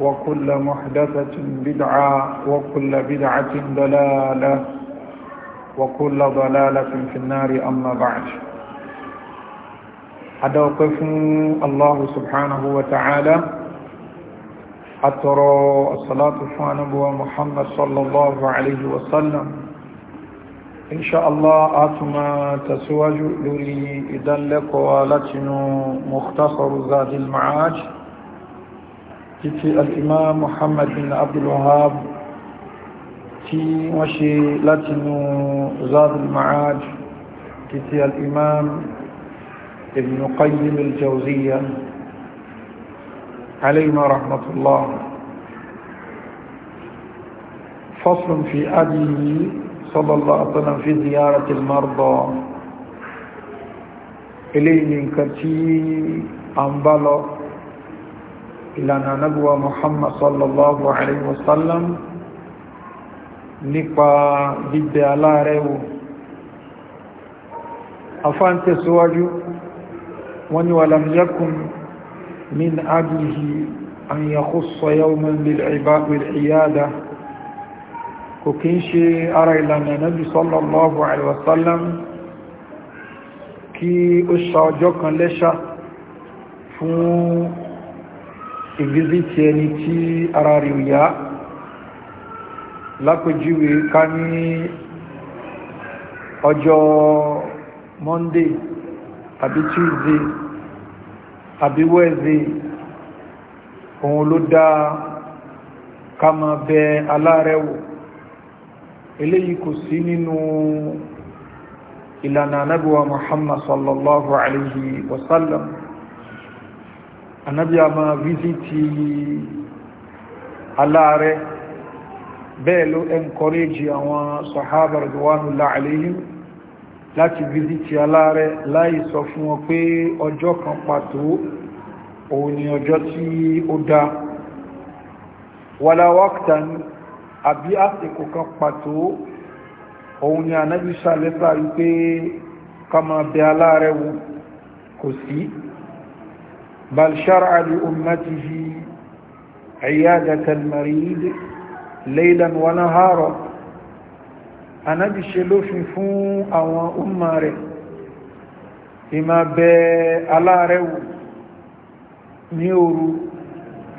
وكل محدثة بدعة وكل بدعة ضلالة وكل ضلالة في النار أما بعد أدوقف الله سبحانه وتعالى أترى الصلاة فانبوى محمد صلى الله عليه وسلم إن شاء الله أتما تسواج لولي إذن لك ولتن مختصر ذات المعاج títí al'imam muhammad bin abdulwahab tí wọ́n ṣe látinú zadul ma'ad títí al'imam ibn qayyim al-jawziya alayhima rahmatullah فصل في أديه صلى الله عليه وسلم في زيارة المرضى إليه من كتير أنبلغ ìlànà anábúwa muhammad sallallahu alayhi wa sallam nípa gbígbé aláàrẹ wò afán tẹ̀síwájú wọ́n ni walam yakun min aglihi an yakhussa yawman bil'iyada kò kí ń ṣe ara ìlànà anábí sallallahu alayhi wa sallam kí ó ṣa ọjọ́ kan lẹ́ṣà fún ìgbésí ti ẹni tí ara rí òyá lápẹjúwe ká ní ọjọ́ monday àbí tuesday àbí wednesday òun ló dá ká máa bẹ aláàrẹ̀ eléyìí kò sí nínú ìlànà anábíwá muhammad sallallahu alayhi wa sallam anábí a máa fíṣítì aláàrẹ bẹ́ẹ̀ ló ẹnkọrẹ́jì àwọn sọ̀hábà radwanullahi alayhim láti fíṣítì aláàrẹ láì sọ fún wọn pé ọjọ́ kan pàtó òun ni ọjọ́ tí ó dá wala waqtan àbí àsìkò kan pàtó òun ni anábí sàlẹ́sà wípé ká máa بل شرع لأمته عيادة المريض ليلا ونهارا أنا بشلوف فون أو أماري إما بألاريو نيورو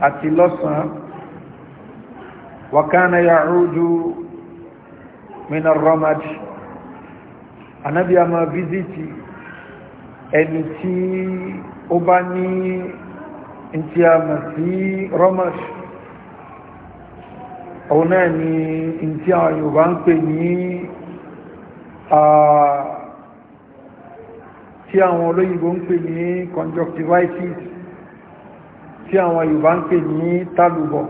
أتلصا وكان يعود من الرمج أنا بأما فيزيتي ẹni tí ó bá ní tí a mọ̀ sí romash òun náà ni tí àwọn Yorùbá ń pè ní tí àwọn olóyìnbó ń pè ní conjunctivitis tí àwọn Yorùbá ń pè ní tálùbọ̀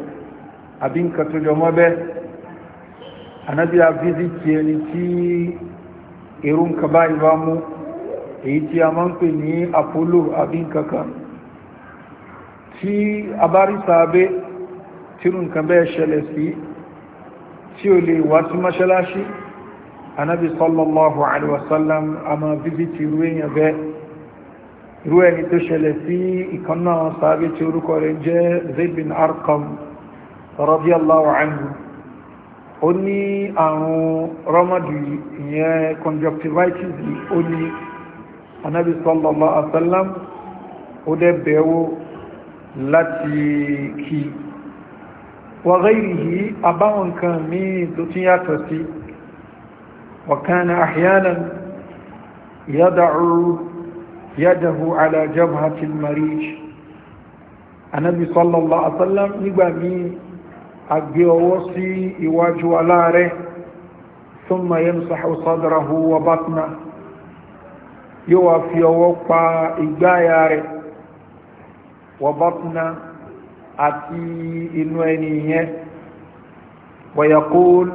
àbí nǹkan tó jọ mọ́ anábíà visit ẹni tí irú nǹkan báyìí bá mú èyí tí a máa ń pè ní apollo àbí nkankan tí a bá rí sàábé tírù nǹkan bẹ́ẹ̀ ṣẹlẹ̀ sí tí ó lè wá sí mọ́ṣáláṣí anábi sallallahu alaihi wasallam a máa bíbítì irú èèyàn bẹ́ẹ̀ irú ẹni tó ṣẹlẹ̀ sí ìkanná sàábé tí orúkọ rẹ̀ jẹ́ zayd bin arqam anhu ó ní àrùn rọmọdù ìyẹn conjunctivitis ó ní anábì sallallahu alaihi wasallam ó dẹ̀ bẹ̀wò láti kí wa ghayrihi abáwọn kan ní tó tí yàtọ̀ sí wa kana ahyanan yada'u yadahu ala jabhatil marij anábì sallallahu alaihi wasallam nígbà míì agbé ọwọ́ sí iwájú aláàrẹ thumma yamsahu sadrahu wa yóò wá fi ọwọ́ pa ìgbáyà rẹ̀ wọ́bọ́túnná àti inú ẹni yẹn wọ̀yàkóòl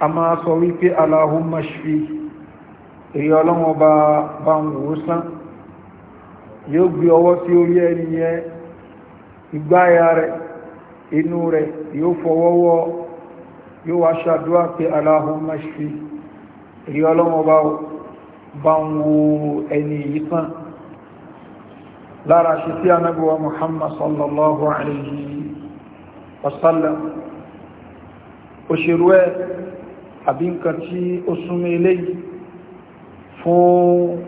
a máa sọ wípé Allahumma shfi èyí ọlọ́wọ́ bá bá ń wò sán yóò gbé ọwọ́ sí orí ẹni yẹn ìgbáyà rẹ̀ inú rẹ̀ yóò fọwọ́wọ́ yóò wá ṣàdúrà pé Allahumma èyí ọlọ́wọ́ bá wò bá ń wo ẹni yìí tán lára ṣe tí anábíwa muhammad sallallahu alayhi wasallam òṣèrú ẹ àbí nǹkan tí ó súnmọ́ eléyìí fún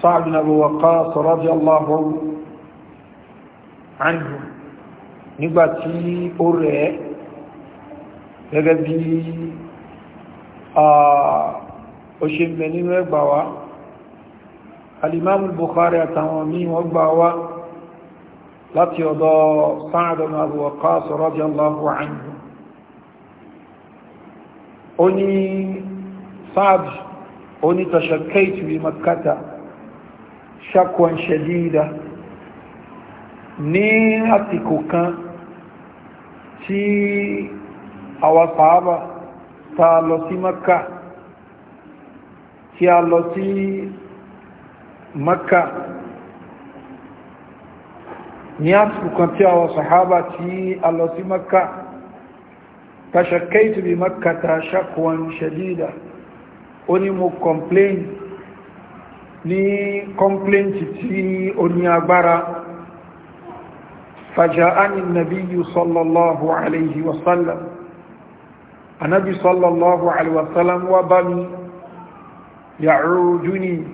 sáàbì nàbọ̀wọ̀ká nígbàtí ó rẹ̀ gẹ́gẹ́ bí ah, ó ṣe ń bẹ nínú ẹgbà wá alimamu Bukhari àtàwọn míì wọ́n gbà wá láti ọ̀dọ̀ Sa'd ibn Abi Waqqas radiyallahu anhu ó ní Sa'd ó ní tashakkaytu bi Makkata shakwan shadida ní àsìkò kan tí àwọn sàábà ta lọ sí Makkah tí a lọ sí Makka ní àsìkò kan tí àwọn sàhábà tí a lọ sí Makka tashakaitu bi makkata shakwan shadida ó ní mo complain ní complaint tí ó ní agbára فجاءني النبي صلى الله عليه وسلم النبي صلى الله عليه وسلم وبني يعودني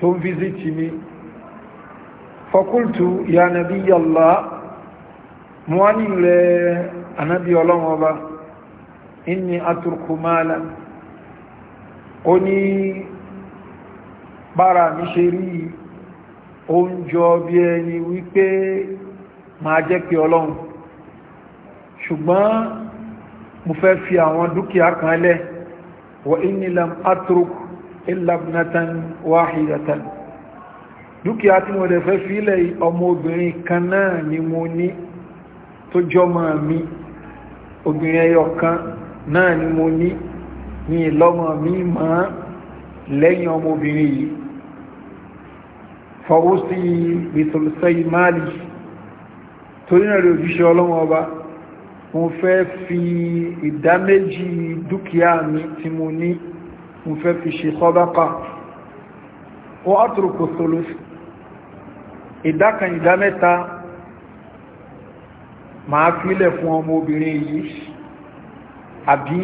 تم فيزيتني فقلت يا نبي الله مواني لنبي الله وبا إني أترك مالا قني bara mi ṣe rí oúnjọ bí ẹni wípé máa jẹ́ pé ọlọ́run ṣùgbọ́n mo fẹ́ fi àwọn dúkìá kan lẹ̀ wọ inilam atruk ìlàbìnatan wáhìdatan dúkìá tí mo dẹ̀ fẹ́ fílẹ̀ ọmọ obìnrin kan náà ni mo ní tó jọmọ mi obìnrin ẹyọ kan náà ni mo ní ní ìlọ́mọ mi máa lẹ́yìn ọmọ yìí fọwọ́ sí ìtòlùsẹ́ ìmáàlì torí náà rí òjíṣẹ́ ọlọ́wọ́ ọba mo fẹ́ fi ìdá dúkìá mi tí mo ní mo fẹ́ fi ṣe sọ́dápà wọ́n á tòrò kò sọ́lọ́ ìdá kan ìdá mẹ́ta máa fílẹ̀ fún ọmọ obìnrin yìí àbí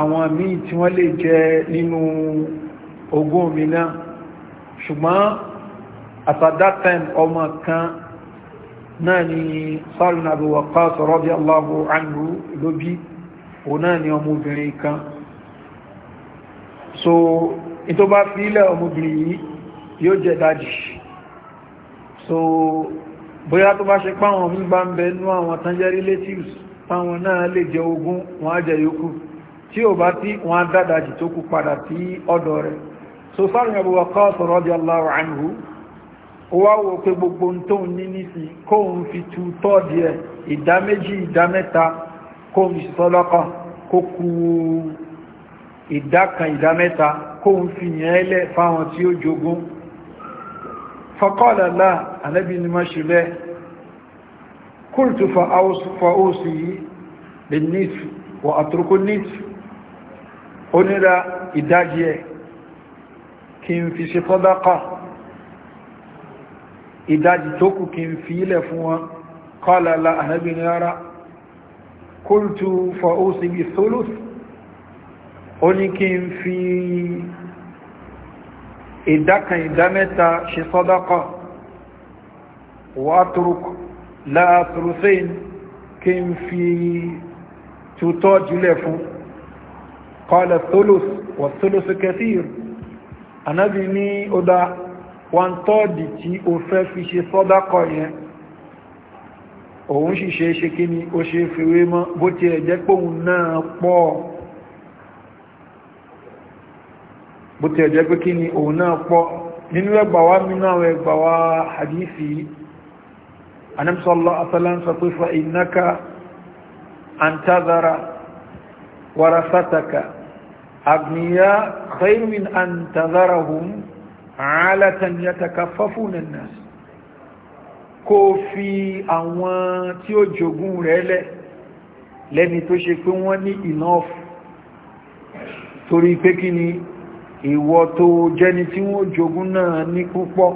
àwọn míì tí wọ́n lè jẹ nínú ogún mi náà ṣùgbọ́n at ọmọ kan náà ni Sa'd ibn Abi Waqqas radiyallahu anhu lóbi òun náà ni ọmọ obìnrin kan so ito ba bá fi ilẹ̀ ọmọbìnrin yìí yóò jẹ dájì so bóyá tó bá ṣe páwọn mí bá ń bẹ àwọn tanjẹ́ relatives táwọn náà lè jẹ ogún wọn á jẹ yókù tí o bá tí wọn á dádájì tó kú padà sí ọ̀dọ̀ rẹ̀ so sáàrin Abu Waqqas wá wo pé gbogbo fi méjì mẹ́ta ìdá kan ìdá mẹ́ta kóhun fi yẹn ẹlẹ́ fáwọn tí ó jogún fọ́kọ́lọ̀lá ànábì ni má ṣe bẹ́ kúrùtù fa'óòsì yìí lè nìtù wà àtúrùkú nìtù ó níra ìdájí ẹ̀ kí n fi ṣe fọ́dákà ìdájí tó kù kí n fi ilẹ̀ fún wọn kọ́lọ̀lá ànábì ni ara kúrùtù fa'óòsì yìí ó ní kí n fi ìdákan ìdámẹ́ta ṣe sọ́dọ́kọ̀ wà tùrùkù láàtùrùsẹ́yìn kí n fi tutọ́ jùlẹ̀ fún kọ́lẹ̀ tólùs wà tólùsù kẹsìr anábi ní ó dá wọn tọ́ọ̀dì tí ó fẹ́ fi ṣe sọ́dọ́kọ̀ yẹn òun sì ṣe kí ni ó ṣe fi wé mọ́ bó ti ẹ̀jẹ́ pòun náà pọ̀ bó ti ẹ̀jẹ́ pé kí ni òun náà pọ̀ nínú ẹgbàwá mínú àwọn ẹgbàwá hadithi anamsọ́lọ́ asalánsọ pé fa ìnáka antazara warasataka agniya khairumin antazarahum alatan yatakaffafuna an-nas kó fi àwọn tí ó jogún rẹ̀ lẹ́ni tó ṣe pé wọ́n ní enough torí pé kí ni ìwọ tó jẹni tí wọ́n jogún náà ní púpọ̀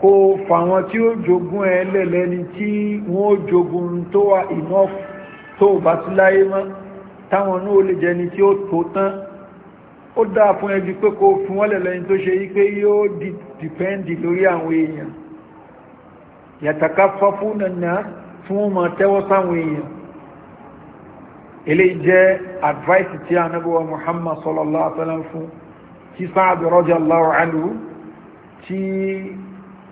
kó fàwọn tí ó jogún ẹ lẹ́lẹ́ni tí wọ́n jogún tó wà enough tó bá ti láyé mọ́ táwọn náà lè jẹni tí ó tó tán ó dáa fún ẹjú pé kó fún wọ́n tó ṣe yí pé yóò dìpẹ́ndì lórí àwọn èèyàn yàtàkà fọ́fún fún ọmọ tẹ́wọ́ sáwọn èèyàn eléyìí jẹ́ advice tí a Muhammad sallallahu alaihi wa sallam fún tí sáàbì radiyallahu anhu tí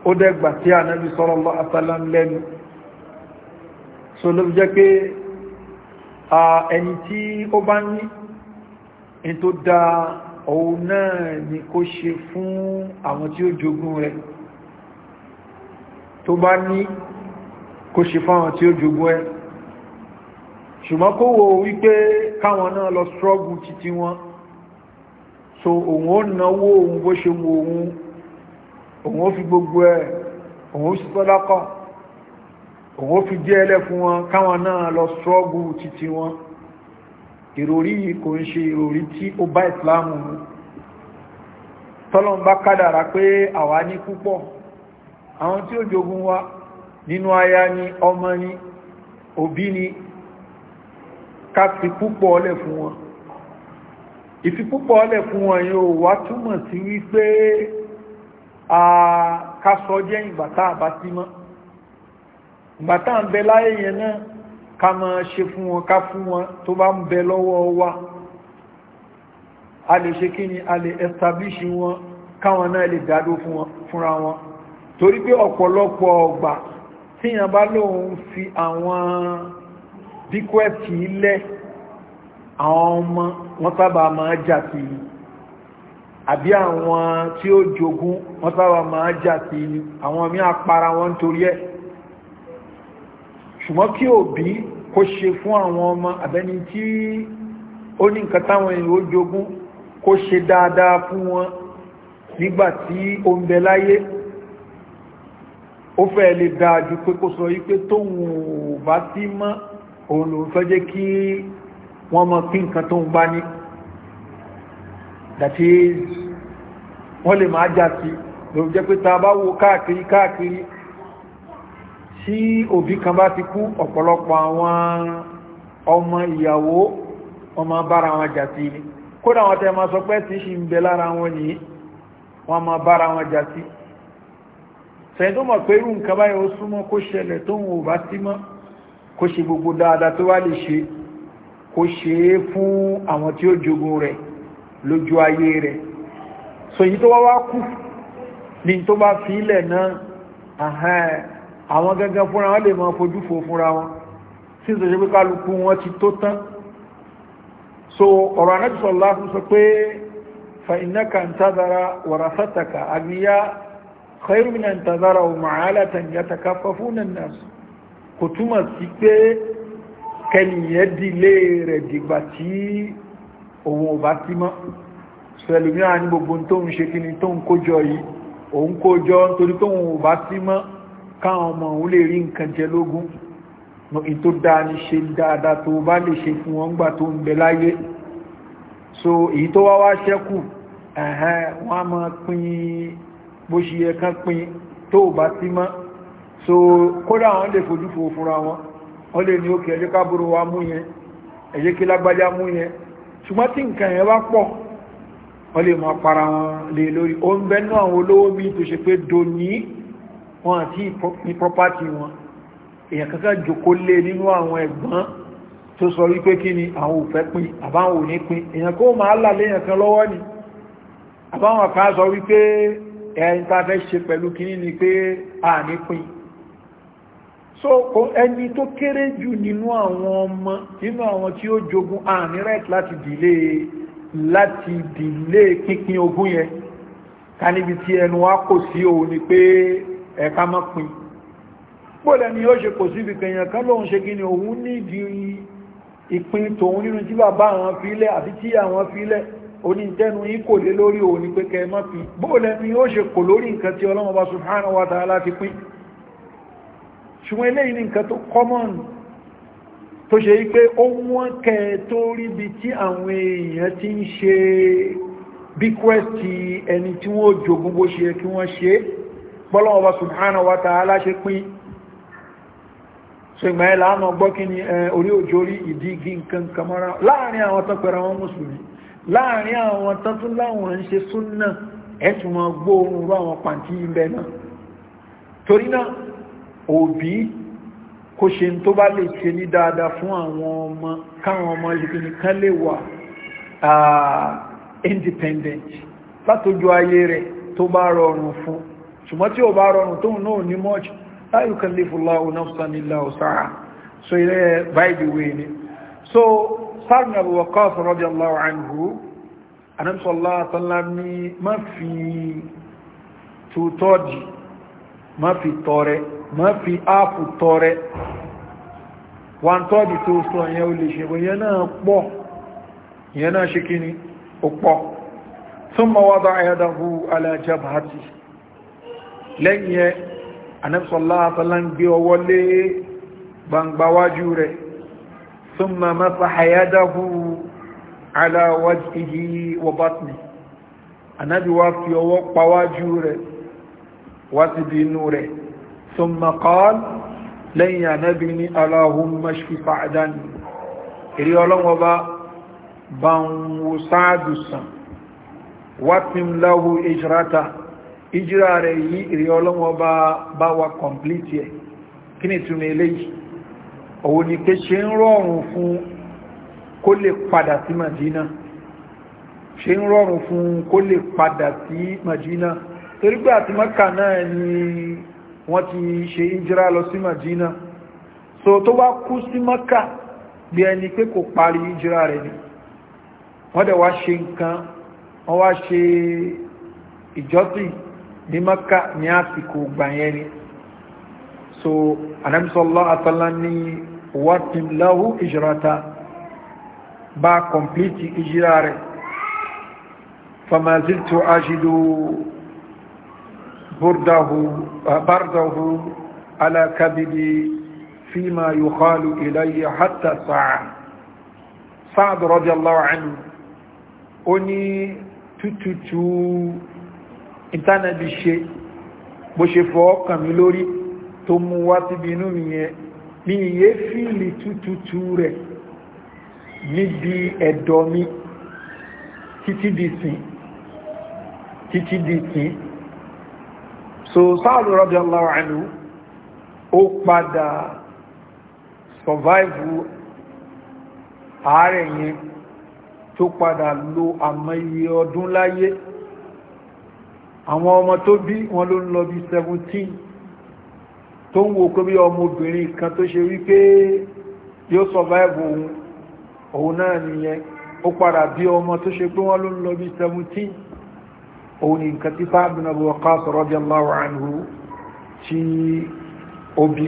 ó dẹ́gbà tí ànábì sallallahu alaihi wasallam lẹ́nu so ló jẹ́ pé ẹni tí ó bá ní in tó dá òun náà ni kó ṣe fún àwọn tí ó jogún rẹ̀ tó bá ní kó ṣe fún àwọn tí ó jogún ẹ̀ ṣùgbọ́n kó wo wípé káwọn náà lọ struggle títí wọn so òun ó náwó òun bó ṣe wo òun òun ó fi gbogbo ẹ̀ òun ó sì sọ́dákọ̀ òun ó fi jẹ́ ẹlẹ́ fún wọn káwọn náà lọ strọ́gù títí wọn ìròrí yìí kò ń ṣe ìròrí tí ó bá ìsìláàmù mu tọ́lọ́n bá pé àwa ní púpọ̀ àwọn tí ó jogun wa nínú aya ni ọmọ ni òbí ni ká fi púpọ̀ ọlẹ̀ fún wọn ìfipúpọ̀ ọlẹ̀ fún wọn yóò wá túmọ̀ sí wípé àkásọ jẹ́ ìgbàtà àbá sí mọ́ ìgbàtà ń bẹ láyé yẹn náà ká máa ṣe fún wọn ká fún wọn tó bá ń bẹ lọ́wọ́ wa a lè ṣe kí ni a lè establish wọn káwọn náà lè dádó fúnra wọn torí pé ọ̀pọ̀lọpọ̀ ọgbà tíyàn bá lóun fi àwọn bíkwẹ́tì lẹ́ àwọn ọmọ wọ́n sábà máa jà sí i àbí àwọn tí ó jogún wọ́n sábà máa jà sí i àwọn mí àpara wọn nítorí ẹ̀ ṣùgbọ́n kí òbí kó ṣe fún àwọn ọmọ àbẹ́ni tí ó ní nǹkan táwọn èèyàn ó jogún kó ṣe dáadáa fún wọn nígbàtí ó ń bẹ láyé ó fẹ́ lè dáa ju pé kó sọ wípé tóun ò bá sí mọ́ òun lòun fẹ́ jẹ́ kí wọ́n mọ kí nǹkan tó ń gbá ní that is wọ́n lè máa já sí lórí jẹ́ pé ta bá wo káàkiri káàkiri tí òbí kan bá ti kú ọ̀pọ̀lọpọ̀ àwọn ọmọ ìyàwó ọmọ bára wọn jà sí ni kódà wọn tẹ́ ma sọ pé tí ṣì ń bẹ lára wọn nìyí wọn ma bára wọn jà sí sẹ́yìn tó mọ̀ pé irú nǹkan báyìí ó súnmọ́ kó ṣẹlẹ̀ tóun ò bá sí kó ṣe gbogbo dáadáa tó wá lè ṣe kó ṣe é fún àwọn tí ó jogun rẹ̀ lójú ayé rẹ̀ so yí tó wá wá kú ní tó bá fi ilẹ̀ náà àwọn gangan fúnra wọn lè máa fojú fò fúnra wọn sí ìsọ̀ṣẹ́ pé kálukú wọn ti tó tán so ọ̀rọ̀ anájúsọ̀ láàrín sọ pé fa'inaka ń tàdára wàrásátàkà agniya khairumina ń tàdára wa ma'alatan yatakaffafuna an-nas kò túmọ̀ kẹniyàn dìlé rẹ̀ dìgbà tí òun ò bá tí mọ́ sẹlùmíà ní gbogbo tó ń ṣe kíni tó ń kójọ yìí òun kójọ nítorí tó òun bá tí mọ́ káwọn ọmọ òun lè rí nǹkan jẹ lógún ìtò dáa ní ṣe dáadáa tó bá lè ṣe fún wọn gbà tó ń bẹ láyé so èyí tó wá wá ṣẹ́kù ẹ̀hẹ́n wọ́n a máa pín bó ṣe yẹ kán pín tó bá tí mọ́ so kódà wọ́n lè fojú fo wọn wọ́n lè ní òkè ẹjẹ́ kábúrò wa mú yẹn ẹjẹ́ kí lágbájá mú yẹn ṣùgbọ́n tí nǹkan yẹn bá pọ̀ wọ́n lè máa para wọn lè lórí o ń bẹ́ ní àwọn olówó bí tó ṣe pé do ní wọn àti ní pọ́pátì wọn èyàn kankan jòkó lé nínú àwọn ẹ̀gbọ́n tó sọ wípé kí ni àwọn òfẹ́ pin àbáwọn ò ní pin èyàn kó máa là léyàn kan lọ́wọ́ ni àbáwọn kan sọ wípé ẹ̀yìn tá a fẹ́ ṣe pẹ̀lú kíní ni pé a pin so ẹni tó kéré jù nínú àwọn ọmọ nínú àwọn tí ó jogun àní right láti dìlé láti dìlé pínpín ogún yẹn ká níbi tí ẹnu wa kò sí òun ni pé ẹ̀ka mọ́ pin pọ́lẹ̀ ni ó ṣe kò sí ibi kẹyàn kan lóun ṣe gíní òun nídi ìpín tòun nínú tí bàbá àwọn fílẹ̀ àti tí àwọn fílẹ̀ onítẹ́nu yí kò lé lórí òun ni pé kẹmọ́ fi bọ́ọ̀lẹ̀ ni ó ṣe kò lórí nǹkan tí ọlọ́mọba subhanahu wa ta'ala ti pín ṣùgbọ́n eléyìí ní nǹkan tó common tó ṣe yí pé ó wọ́n kẹ tó rí bí tí àwọn èèyàn ti ń ṣe bequest ẹni tí wọ́n jogún bó ṣe kí wọ́n ṣe bọ́lọ́wọ́ bá subhanahu ṣe pín ṣùgbọ́n ẹ̀ láàmà gbọ́ kí ni orí òjò orí ìdí igi nǹkan kamara láàrin àwọn tán pẹ̀rẹ̀ àwọn mùsùlùmí láàrin àwọn tán tún láwọn ń ṣe súnnà torí náà òbí kó ṣe tó bá lè ṣe ní dáadáa fún àwọn ọmọ káwọn ọmọ ìpínlẹ̀ kan lè wà independent látòjú ayé rẹ̀ tó bá rọrùn fún ṣùgbọ́n tí ó bá rọrùn tóun náà ní much la yukallifu Allahu nafsan illa wus'aha ni so Sa'd ibn Abi Waqqas radiyallahu anhu anamsọ́lá fi tutọ́dì má fi tọrẹ ma fi áàpù tọrẹ wọn tọ́dì tó sọ yẹn o lè ṣẹ̀bọ̀ yẹn náà pọ̀ yẹn náà ṣe kí ni ó pọ̀ thumma wada'a yadahu ala jabhati lẹ́yìn ẹ anẹ́sọ̀lá àtàlá ń gbé ọwọ́ lé gbangbawájú rẹ̀ thumma masaha yadahu ala wajhihi wa batni ثم قال لن ينبني اللهم اشف سعدا èrè ọlọ́wọ́ bá bá ń wo sáàdù sàn wápin láhù ìjìráta ìjìrá rẹ̀ yí èrè ọlọ́wọ́ bá bá wa kọ̀mplítì ẹ̀ kí ni túnmọ̀ eléyìí òun ni pé ṣe ń rọrùn fún kó lè padà sí madina ṣe ń rọrùn fún kó lè padà sí madina torí pé àti mọ́kà náà ni wọ́n ti ṣe ìjírá lọ sí Madina so tó bá kú sí Maka bí ẹni pé kò parí ìjírá rẹ̀ ni wọ́n dẹ̀ wá ṣe nǹkan wọ́n wá ṣe ìjọ́sìn ní Maka ní àsìkò gbà so anamisọ́lá àtàlá ní wàtìm láhù ìjírata bá kọ̀m̀plìtì ìjírá rẹ̀ famaziltu ajidu برده على كبدي فيما يخال إلي حتى ساعة سعد رضي الله عنه أني تتتو ìtànà bí ṣe bó ṣe fọ́ ọkàn mi lórí tó mú wá sí bí inú mi yẹn ní iye fíìlì tútútú rẹ̀ níbi ẹ̀dọ̀ mi títí dìsìn títí dìsìn so sáàlù radiyallahu anhu ó padà survive ààrẹ yẹn tó padà lo àmọye ọdún láyé àwọn ọmọ tó bí wọn ló ń lọ bí 17 tó ń wo kó bí ọmọbìnrin kan tó ṣe wípé yóò survive òun náà nìyẹn ó padà bí ọmọ tó ṣe pé wọ́n ló ń lọ bí 17 òun ni nǹkan tí Sa'd bin Abi Waqqas radiyallahu anhu tí ó bí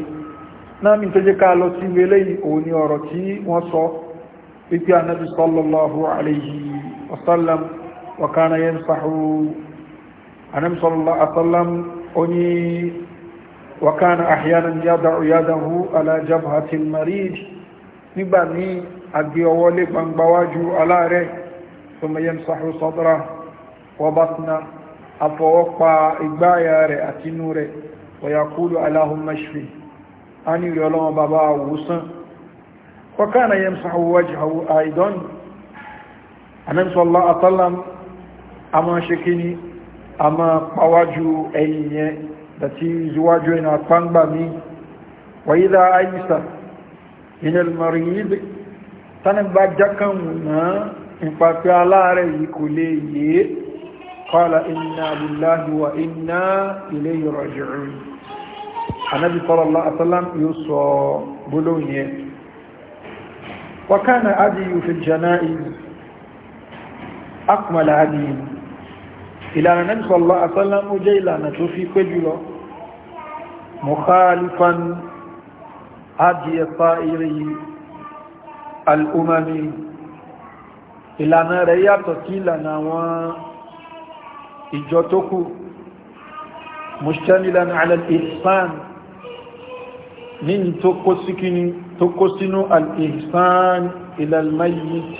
náà mi tó jẹ́ ká lọ sí ilé òun ni ọ̀rọ̀ tí wọ́n sọ wípé anábi sallallahu alayhi wa sallam wa kana yansahu anábi sallallahu alayhi wa sallam ó ní wa kana وبطنا أفوقع إقبايا ري أتنوري ويقول اللهم اشفي أني يلوم بابا وسن وكان يمسح وجهه أيضا أنا صلى الله عليه وسلم أما شكني أما قواجو أي التي زواجنا طنبا منه وإذا أيسر من المريض تنبا جكا منا إن فاتي على رأيك ليه قال إنا لله وإنا إليه راجعون النبي صلى الله عليه وسلم يوصى بلونية وكان أبي في الجنائز أكمل أبي إلى النبي صلى الله عليه وسلم جيلا نتوفي كجلو مخالفا أبي الطائري الأممي إلى أن رأيت كلا نوان ìjọ tó kù mustamilan ala al-ihsan ní tó kó sí kíní tó kó sínú al-ihsan ila al-mayyit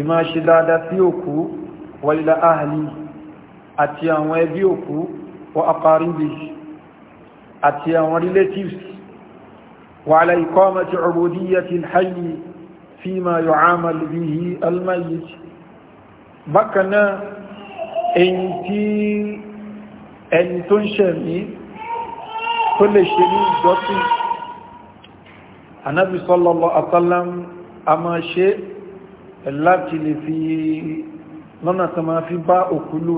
ìmá ṣe dáadáa sí òkú wa ila àti àwọn ẹbí òkú wa aqaribi àti àwọn relatives وعلى إقامة عبودية الحي فيما يعامل به الميت بكنا èyí tí ẹni tó ń ṣẹ̀mí tó lè ṣe ní ìjọsìn anábi sallallahu àtàlám a máa ṣe láti lè fi lọ́nà tó máa fi bá òkúlù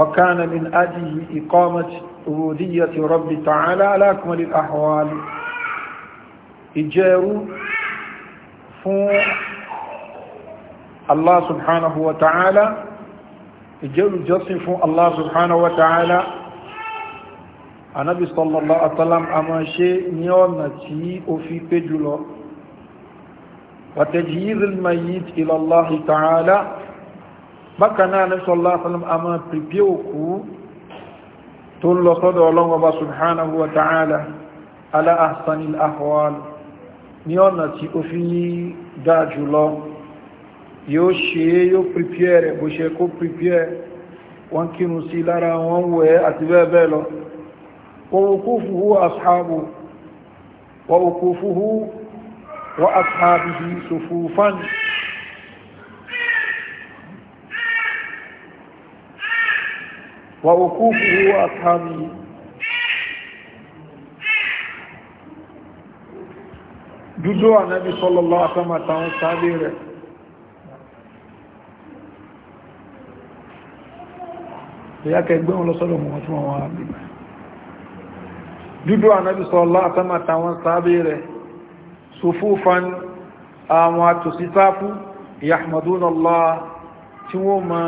وكان من أجل إقامة عبودية رب تعالى على أكمل الأحوال ìjẹ́rú fún Allah subhanahu wa ta'ala ìjẹ́ olùjọ́sìn fún Allah subhanahu wa ta'ala anábi sallallahu alaihi wasallam a máa ṣe ní ọ̀nà tí ó fi pé jùlọ wa tajhizul mayyit ila Allah ta'ala bákaná anábi sallallahu alaihi wasallam a máa pèpè òkú tó lọ sọ́dọ̀ Ọlọ́hun yóò ṣe yóò prepare bó ṣe kó prepare wọ́n kírun sí lára wọn wẹ̀ àti bẹ́ẹ̀ bẹ́ẹ̀ lọ ووقوفه وأصحابه ووقوفه وأصحابه صفوفا ووقوفه وأصحابه جزء النبي صلى الله عليه وسلم تعالى ìyákẹ́ gbé wọn lọ́sọ́dọ̀ mọ̀ tí wọ́n wá bí dúdú ànábì sallallahu alaihi wasallam àtàwọn sáábé rẹ̀ sufufan àwọn àtòsí sáfú yahmaduna Allah tí wọ́n ma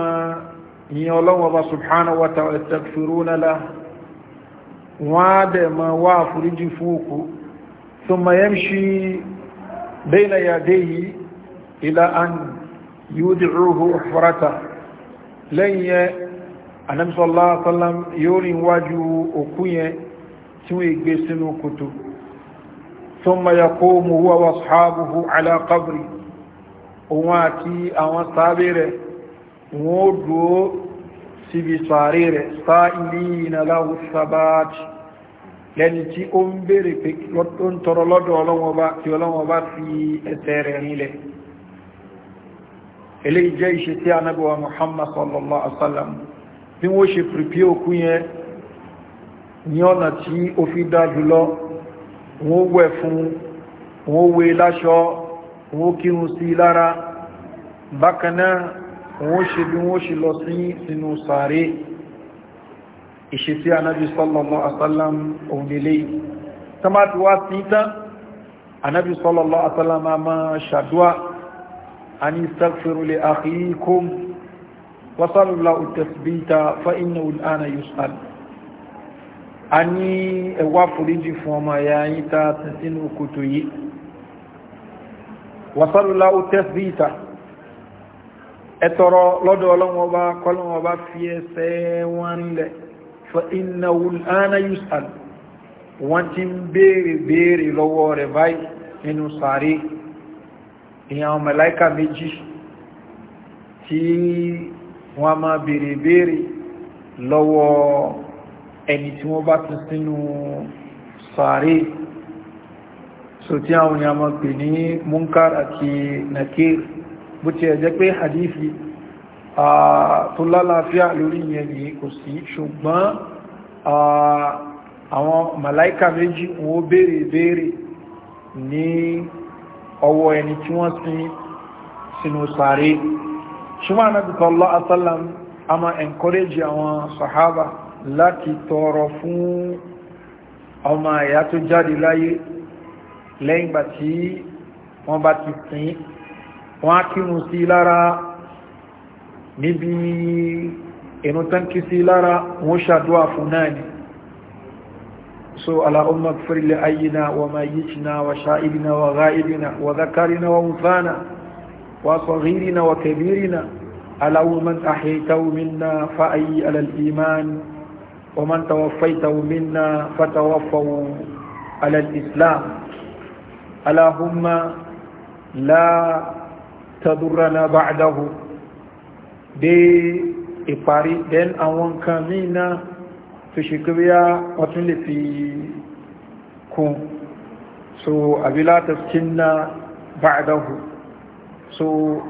yìn ọlọ́wọ́ bá subhanahu wa ta'ala yastaghfiruna lẹ́yìn anamisọ́lá sọ́lám yóò rí wájú òkú yẹn tí wọ́n gbé sínú kòtò tó mọ̀yà kó mú wá wá sọ́hábùhù alákàbìrì òun àti àwọn sábẹ́ rẹ̀ wọ́n ó dúó síbi sàárè rẹ̀ sáàlì ìnàláwò sábàájì lẹ́ni tí ó ń bèèrè pé ó ń tọrọ lọ́dọ̀ ọlọ́wọ́ba tí fi ẹsẹ̀ rẹ̀ nílẹ̀ eléyìí jẹ́ ìṣe tí anábọ̀wá muhammad sallallahu alaihi wa bí wọ́n ṣe pèpè òkú yẹn ní ọ̀nà tí ó fi dá jùlọ wọ́n wẹ̀ fún wọ́n wé láṣọ wọ́n kírun sí lára bákanáà wọ́n ṣe bí wọ́n ṣe lọ sí sínú sàárè ìṣe tí anábi sallallahu asallam ònílé tamati wá anábi sallallahu asallam a ṣàdúwà a ní sàfirulẹ̀ àkíkùn وصلى الله التثبيت فإنه الآن يسأل a ní ẹwà foríjì fún ọmọ ẹ̀yà yìí ta tẹ̀ sínú kòtò yìí wàsálùlá ó tẹ́sí ìta ẹ̀tọ́rọ lọ́dọ̀ ọlọ́wọ́ bá kọ́lọ́wọ́ bá fi ẹsẹ̀ wọn lẹ̀ fẹ́ iná wùlánà yùsàl wọ́n ti ń béèrè béèrè lọ́wọ́ rẹ̀ báyìí nínú sàárè wọ́n a máa béèrè béèrè lọ́wọ́ ẹni tí wọ́n bá tún sínú sàárè so tí àwọn èèyàn máa pè ní munkar àti nakir bó ti ẹ̀jẹ́ pé hadithi tó lálàáfíà lórí ìyẹn yìí kò sí ṣùgbọ́n àwọn màláíkà méjì wọ́n béèrè béèrè ní ọwọ́ ẹni tí wọ́n sin sínú sàárè ṣùgbọ́n anábì sallallahu alaihi wasallam a máa encourage àwọn sahaba láti tọrọ fún ọmọ ẹ̀yà tó jáde láyé lẹ́yìn gbà tí wọ́n bá ti sìn wọ́n á kírun sí lára níbi ẹnu tán sí lára wọ́n ṣàdúwà fún náà ni so اللهم اغفر لأينا وميتنا وشائبنا وغائبنا وذكرنا وانثانا وصغيرنا وكبيرنا ألو من أحيته منا فأي على الإيمان ومن توفيته منا فتوفوا على الإسلام اللهم لا تضرنا بعده دي إفاري دين أوان كامينا في تشكبيا وتنلفي كون سو أبلا تفتنا بعده سو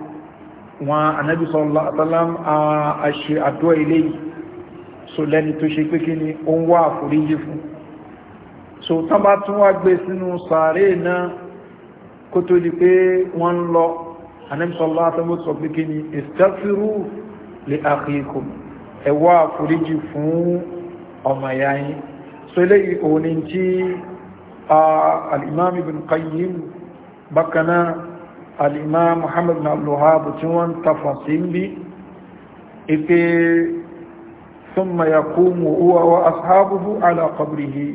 wọn anábi sallallahu alaihi wasallam a ṣe àdó ilé yìí so lẹ́ni tó ṣe pé kí ni ó ń wá àforíjì fún so tán bá tún wá gbé sínú sàárè náà kó tó di pé wọ́n ń lọ anábi sallallahu pé kí ni istaghfiru li akhikum ẹ wá àforíjì fún ọmọ ìyá yín so eléyìí òun tí al al-imam muhammad bin abdul wahab tí wọ́n tafà sí ń bí ipe thumma yaqumu huwa wa ashabuhu ala qabrihi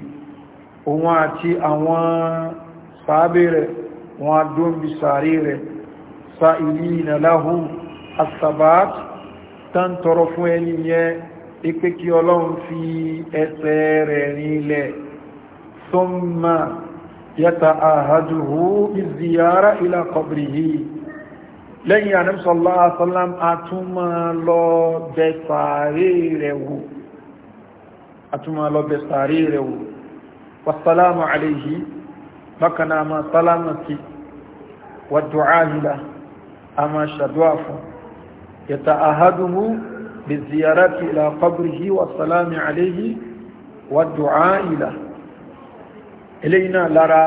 òun àti àwọn sàábé rẹ̀ wọn adóǹbi sàárè rẹ̀ sa'ilina lahu as-sabat tán tọrọ fún ẹni yẹn ipe kí ọlọ́run fi ẹsẹ̀ rẹ̀ rinlẹ̀ thumma yata'ahaduhu biziyara ila qabrihi lẹ́yìn Ànábì sallallahu alaihi wasallam atúmọ̀ lọ bẹ sàárè rẹ̀ wò atúmọ̀ lọ bẹ sàárè rẹ̀ wò wasalamu alaihi makana ma salamati wa du'ahila a ma ṣàdúwà fún yata'ahaduhu biziyarati ila qabrihi wasalami alaihi wa du'ahila eléyìn náà lára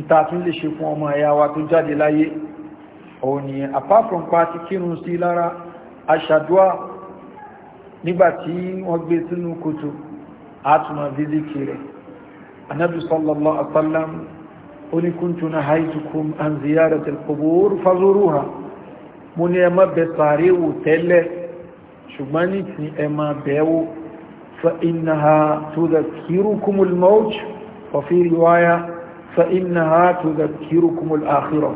ìtàtún lè ṣe fún ọmọ ẹ̀yà wa tó jáde láyé òun ni apart from party kírun sí lára aṣàdúà nígbàtí wọ́n gbé sínú kòtò àtùmọ̀ fíjíkì rẹ̀ anábì sallallahu alaihi wasallam oni kuntu nahaytukum an ziyarati alqubur fazuruha mo ní ẹ má bẹ̀ sàréè wò tẹ́lẹ̀ ṣùgbọ́n ní ti ẹ má bẹ̀ wò fa innaha tudhakkirukum almawt وفي رواية فإنها تذكركم الآخرة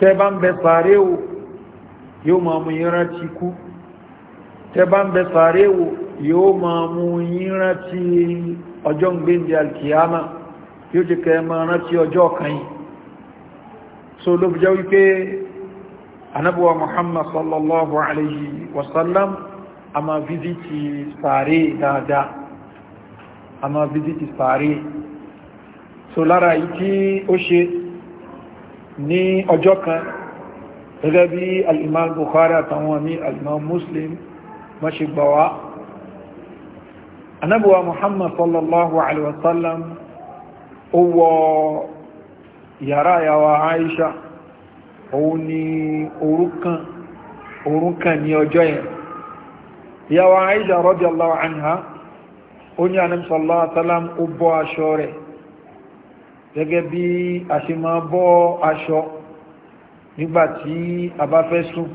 تبان بصاريو يوم ميراتيكو تبان بصاريو يوم ميراتي أجون بند الكيامة يوجد كيماناتي أجو كاين سولوك جويكي anabuwa muhammad sallallahu alayhi wasallam a ma fiziti sare dáadáa a máa visit Paris so lára yìí tí ó ṣe ní ọjọ́ kan gẹ́gẹ́ bí al-imam Bukhari àtàwọn ní al-imam Muslim ma ṣe gbà wá anábùwa Muhammad sallallahu alaihi wasallam ó wọ yàrá yàwà Aisha òun ni orúkan ní ọjọ́ yẹn yàwà Aisha radiyallahu anha ó ní anamsọ́lá àtàlám ó bọ́ aṣọ rẹ̀ gẹ́gẹ́ bí a ṣe máa bọ́ aṣọ nígbàtí a sùn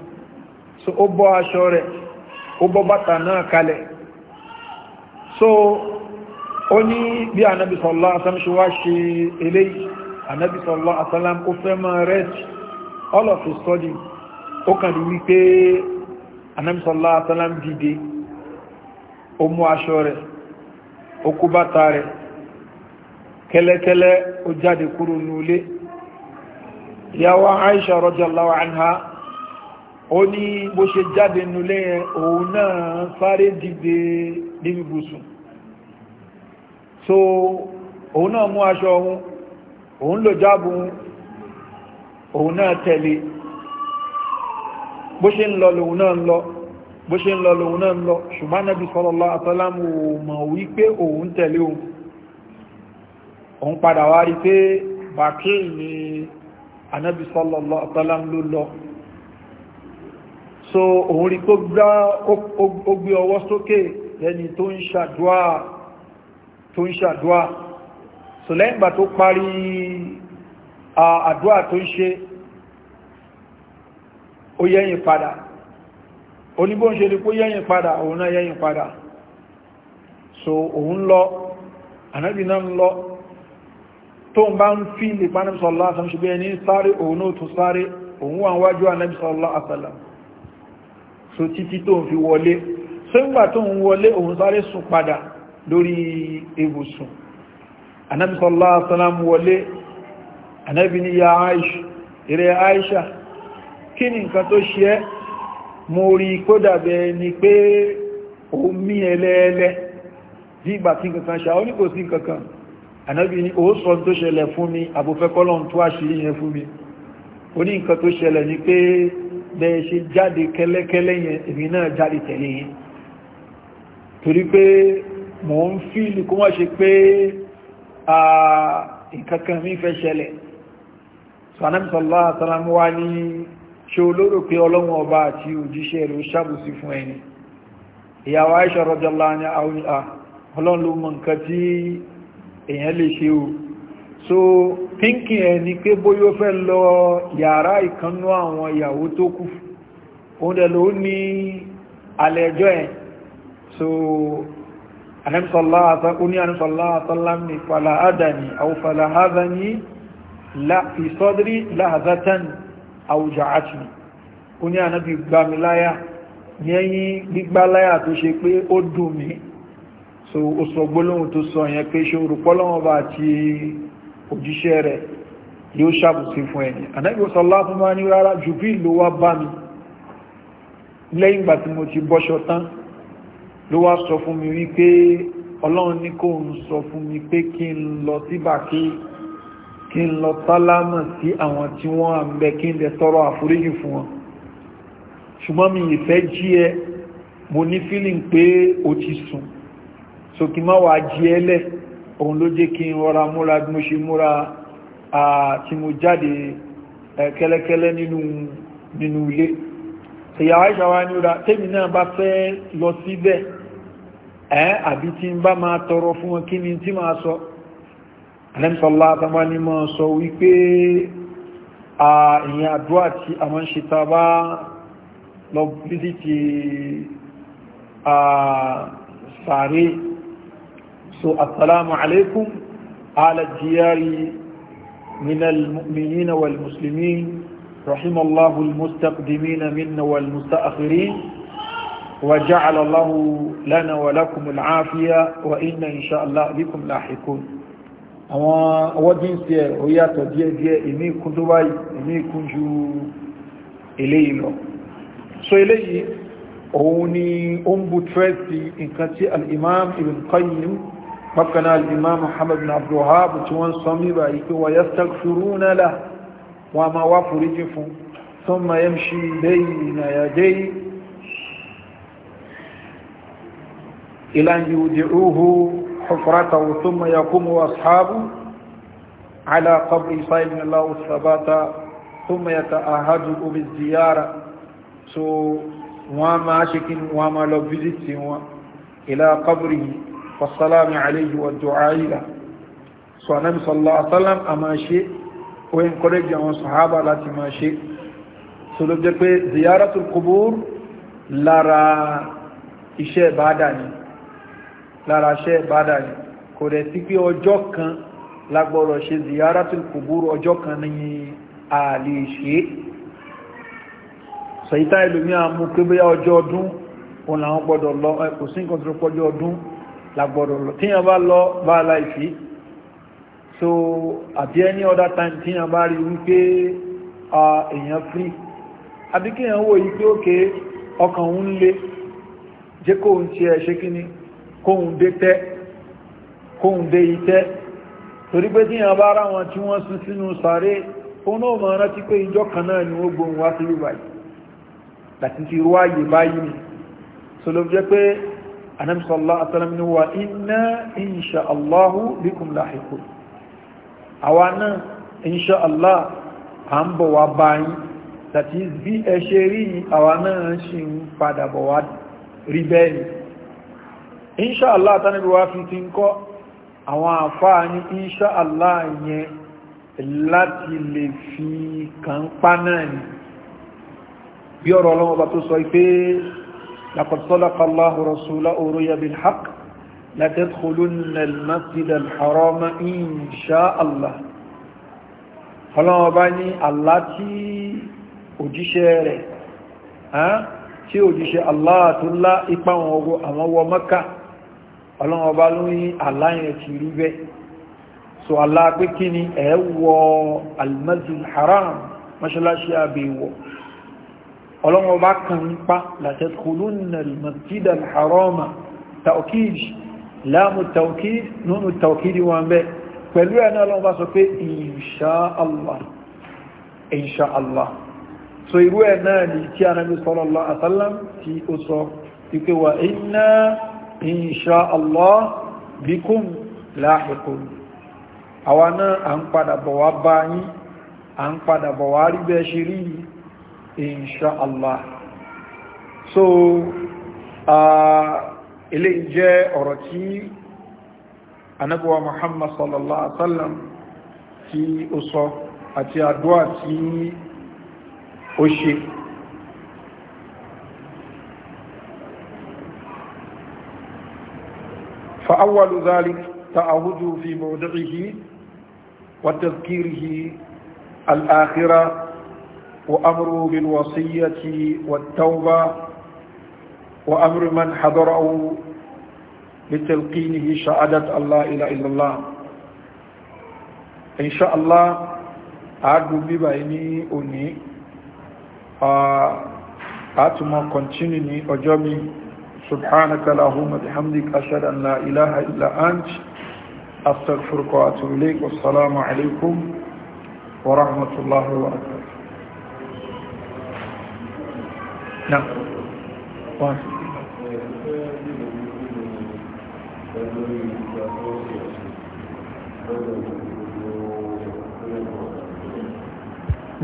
so ó bọ́ aṣọ rẹ̀ ó bàtà náà kalẹ̀ so ó ní bí anamsọ́lá àtàlám ṣe wá ṣe eléyìí anamsọ́lá àtàlám ó fẹ́ máa rest all of his study ó kàn rí wípé anamsọ́lá àtàlám dìde ó mú aṣọ rẹ̀ Okubata kó bàtà rẹ̀ kẹ́lẹ́kẹ́lẹ́ jáde kúrò nílé ìyàwó Aisha radiyallahu anha ó ní bó ṣe jáde nílé yẹn òun náà sáré dìde níbi bùsùn so òun náà mú aṣọ òun òun lò jáàbù òun náà tẹ̀lé bó ṣe ń lọ lòun náà ń lọ bó ṣe ń lọ lòun náà ń lọ ṣùgbọ́n nábi sọ́lọ́lá àtọ́lámù mọ̀ wípé òun tẹ̀lé òun òun padà wá rí pé bàkí ni anábi sọ́lọ́lá àtọ́lámù ló lọ so òun rí tó gbá ó gbé ọwọ́ sókè ẹni tó ń ṣàdúà so lẹ́yìn ìgbà tó parí àdúà tó ń ṣe ó yẹ́yìn padà oníbó ń ṣe lè kó yẹ́yìn padà òun náà yẹ́yìn padà so òun lọ ànábì náà ń lọ tó ń bá ń fi lè pánàbì sọ́lá àsàlám ṣe bí ẹni sáré òun náà tó sáré òun wà wájú ànábì sọ́lá àsàlám so títí tó ń fi wọlé so ń gbà tó ń wọlé òun sáré sùn padà lórí ibùsùn ànábì sọ́lá àsàlám wọlé ànábì ní ya Aish ire Aisha kí ni nǹkan tó ṣe mo rí kó dàbẹ̀ ni pé omi ẹlẹ́ẹlẹ́ bí ìgbà tí nǹkan ṣe àwọn oníkò sí nǹkan ànábì ni ó sọ tó ṣẹlẹ̀ fún mi àbúfẹ́kọ́lọ́n tó àṣírí yẹn fún mi ó ní nǹkan tó ṣẹlẹ̀ ni pé bẹ́ẹ̀ ṣe jáde kẹ́lẹ́kẹ́lẹ́ yẹn èmi náà jáde tẹ̀lé yẹn torí pé mò ń fíìlì kó wọ́n ṣe pé nǹkan kan mi fẹ́ ṣẹlẹ̀ ṣe olóró pé ọlọ́wọ́n ọba àti òjíṣẹ́ rẹ̀ ó ṣàbùsí fún ẹni ìyàwó Aisha radiyallahu anha ọlọ́run ló mọ nǹkan tí èèyàn lè ṣe o so pínkì ẹ̀ ni pé bóyó fẹ́ lọ yàrá ìkannú àwọn ìyàwó tó kù òun dẹ̀ ló ní alẹ́jọ́ ẹ̀ so oní anìsọ̀lá àtọ́lámi fàlàádà àwùjọ àti ó ní ànábì gbamiláyà ní ẹ̀yìn gbígbáláyà tó ṣe pé ó dùn mí so ó sọ gbólóhùn tó sọ yẹn pé ṣe orùpọ́lọ́wọ́n bá ti òjíṣẹ́ rẹ̀ yóò ṣàbùsí fún ẹni ànábì sọlá fún máa ní rárá jù bí ìlú wá bá mi lẹ́yìn kí n lọ sálámà sí àwọn tí wọ́n à ń kí n lè tọrọ àforíjì fún wọn ṣùgbọ́n mi ìfẹ́ jí ẹ mo ní feeling pé o ti sùn so kí má wàá jí ẹ lẹ̀ òun ló jẹ́ kí n rọra múra bí mo ṣe múra tí mo jáde kẹ́lẹ́kẹ́lẹ́ nínú nínú ilé ìyàwó ìṣàwá ní ọ̀dá tèmi náà bá fẹ́ lọ síbẹ̀ ẹ́ àbí tí ń bá máa tọrọ fún wọn kí ni tí máa sọ anẹ́mìsọ́lá àtàmà ní mọ́ sọ wípé a ìyìn àdúwà tí a mọ́ ń ṣe ta bá lọ bídí ti a sàárè so assalamu alaikum ala jiyari minal mu'minina wal muslimin رحم الله المستقدمين منا والمستأخرين وجعل الله لنا ولكم العافية وإن إن شاء الله بكم لاحقون àwọn ọwọ́ jíǹsì ẹ̀ ó yàtọ̀ díẹ̀díẹ̀ ìmí ikú tó báyìí ìmí ikú ju eléyìí lọ so eléyìí òun ni ó ń bu tírẹ́sì nǹkan tí al-imam ibn qayyim bákan náà al-imam muhammad bin abdul wahab tí wọ́n sọ mí báyìí wa yastaghfiruna lahu wọn a máa wá foríjì fún thumma yamshi bayna yadayhi yudi'uhu حفرته ثم يقوم أصحابه على قبر صاحب الله الثبات ثم يتأهد بالزيارة so wọ́n máa ṣe kí wọ́n máa lọ fíjìtì wọn ilá kọbùrì fasalami aléyìí wà dùáyìlá so anábi sallallahu alaihi wasallam a máa ṣe o yẹn àwọn sahaba láti máa ṣe so ló jẹ́ pé ziyaratul kubur lára iṣẹ́ ìbádà ni lára ṣẹ́ ìbádà ni kò rẹ̀ sí pé ọjọ́ kan lágbọ́rọ̀ ṣe ziyaratul kubur ọjọ́ kan ní ààlè ṣe sọ̀yítà ìlúmí àmú pé bóyá ọjọ́ ọdún òun làwọn gbọ́dọ̀ lọ kò sí nǹkan tó pọ́jọ́ ọdún lágbọ́dọ̀ lọ tíyàn bá lọ bá aláìsí so àbí ẹni other time tíyàn bá rí wípé èèyàn free àbí kíyàn wò yí pé òkè ọkàn òun lé jẹ́ kóun ti ẹ̀ ṣe kíní kóhun dé tẹ́ kóhun dé itẹ́ torí pé tí yàn bá rá wọn tí wọ́n sún sínú sàárè fún náà mọ̀ rántí pé ìjọ kan náà ni ó gbóhun wá sí ìwàyí láti fi rú ààyè báyìí ni sọlọ́m jẹ́ pé anamsọ́lá asálàm ni wà inna insha allahu bikum lahiqun àwa náà insha inṣàlá tánàbíwá fi ti ń kọ́ àwọn àfáà ní inṣàlá yẹn láti lè fi kàńpá náà ni bí ọ̀rọ̀ ọlọ́wọ́ bá tó sọ pé lakọ̀tọ́lákọ̀láhù rasúlá oró yabi haq látẹ́kùlùn al-masjidà al-harama inṣàlá ọlọ́wọ́ bá ní àlá tí òjíṣẹ́ rẹ̀ ah, tí òjíṣẹ́ Allah tó lá ipa àwọn ọwọ́ Mẹ́kà ọlọ́run ọba ló ní aláyẹn ti rí bẹ́ so aláàpé kí ni ẹ̀ wọ almasjid haram mọ́ṣáláṣí àbẹ̀wọ̀ ọlọ́run ọba kan ń pa latadkhulunna almasjid alharam taukid láàmù taukid nínú taukid wọn bẹ́ pẹ̀lú ẹ̀ náà ọlọ́run bá sọ pé inṣáàlá inṣáàlá so irú ẹ̀ náà ni tí a náà bí sallallahu alaihi wasallam tí ó sọ ìpé wà iná inṣá allah bikum láàkùn àwa náà à ń padà bọ̀ wá bá yín à ń padà bọ̀ wá rí bẹ́ ṣe rí inṣá allah so ilé jẹ́ ọ̀rọ̀ tí anábọ̀wà muhammad sallallahu alaihi wasallam ti ó sọ àti àdúwà tí ó ṣe فأول ذلك تعهد في موضعه وتذكيره الآخرة وأمره بالوصية والتوبة وأمر من حضره بتلقينه شهادة الله إلا إلا الله إن شاء الله أعجب ببعيني أني آه، أتما كنتيني أجمي سبحانك اللهم بحمدك أشهد أن لا إله إلا أنت أستغفرك وأتوب إليك والسلام عليكم ورحمة الله وبركاته نعم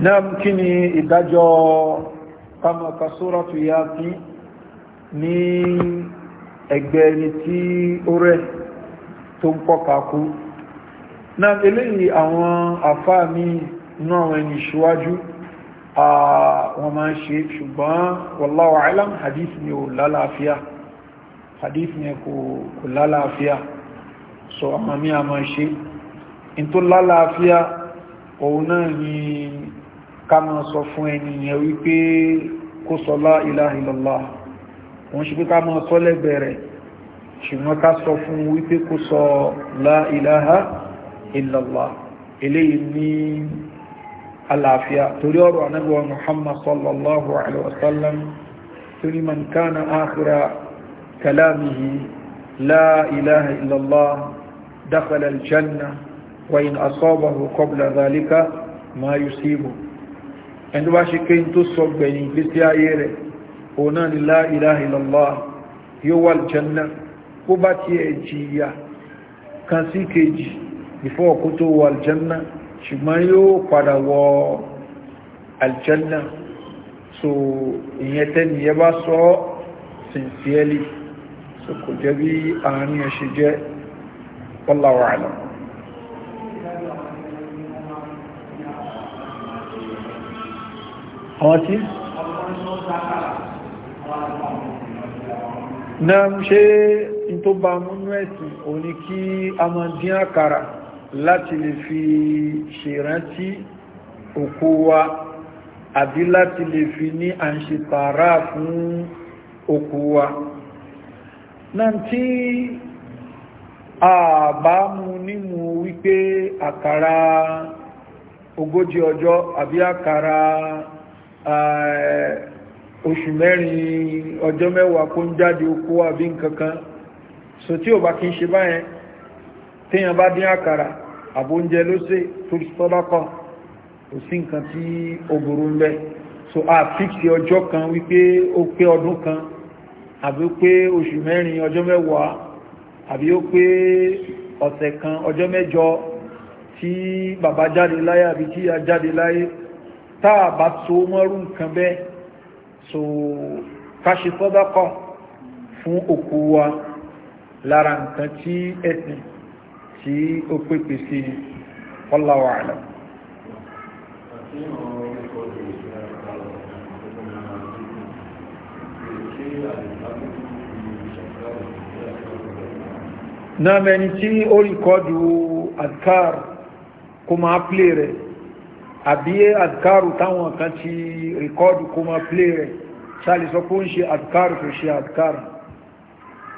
نعم كني إدجو قام كسورة ياتي ní ẹgbẹ́ ẹni tí ó rẹ̀ tó ń pọ́ka kú náà eléyìí àwọn àfáà mi inú àwọn ẹni ṣíwájú wọ́n máa ṣe ṣùgbọ́n hadith ni ò lálàáfíà hadith ni kò lálàáfíà so àwọn mi a máa ṣe in tó lálàáfíà òun náà ni ká máa sọ fún ẹni yẹn wípé kó ilaha wọ́n ṣe pé ká mọ́ sọ́lẹ̀ bẹ̀rẹ̀ ṣùgbọ́n ká sọ fún wípé kó sọ la ilaha illallah eléyìí ní àlàáfíà torí ọ̀rọ̀ anábíwa muhammad sallallahu alaihi wasallam torí man kana akhira kalamihi la ilaha illallah dakhala aljanna wa in asabahu tó bá ṣe kéyìn tó sọ gbẹ̀yìn gbésí òun náà ni la ilaha illallah yóò wà aljanna kó bá ti ẹ̀ jìyà kan sí kejì before kó tó wà aljanna ṣùgbọ́n yóò padà wọ aljanna so ìyẹn tẹ́ni yẹ bá sọ sincerely so kò jẹ́ bí àárín ẹ̀ jẹ́ wallahu a'lam àwọn tí náà ń ṣe n tó bá múnú ẹ̀sìn òní kí a mọ̀ dín àkàrà láti lè fi ṣèrántí òkú wa àbí láti lè fi ní à ń ṣe tààrà fún òkú wa náà tí a àbámu nímú wípé àkàrà ogójì ọjọ́ àbí àkàrà ẹ̀ẹ́ oṣù mẹ́rin ọjọ́ mẹ́wàá kó ń jáde okó àbí nkankan so tí ò bá kí ń ṣe báyẹn téèyàn bá dín àkàrà àbóúnjẹ ló ṣe tó sọ́dá kò sí nǹkan tí ó burú ń bẹ so a fíìsì ọjọ́ kan wípé ó pé ọdún kan àbí ó pé oṣù mẹ́rin ọjọ́ mẹ́wàá àbí ó pé ọ̀sẹ̀ kan ọjọ́ mẹ́jọ tí bàbá jáde láyé àbí tí jáde láyé tá bá so mọ́rú nǹkan bẹ́ẹ̀ so káṣe sọ́dọ́kọ̀ fún òkú wa lára nǹkan tí ẹ̀sìn tí ó pépè sí ni wallahu a'lam náà mẹ́ni tí ó rí kọ́dù adkar kó máa plé rẹ̀ àbí àdìkárù táwọn kan ti rìkọ́dù kó máa plé rẹ̀ sáàlì sọ pé ó ń ṣe àdìkárù kò ṣe àdìkárù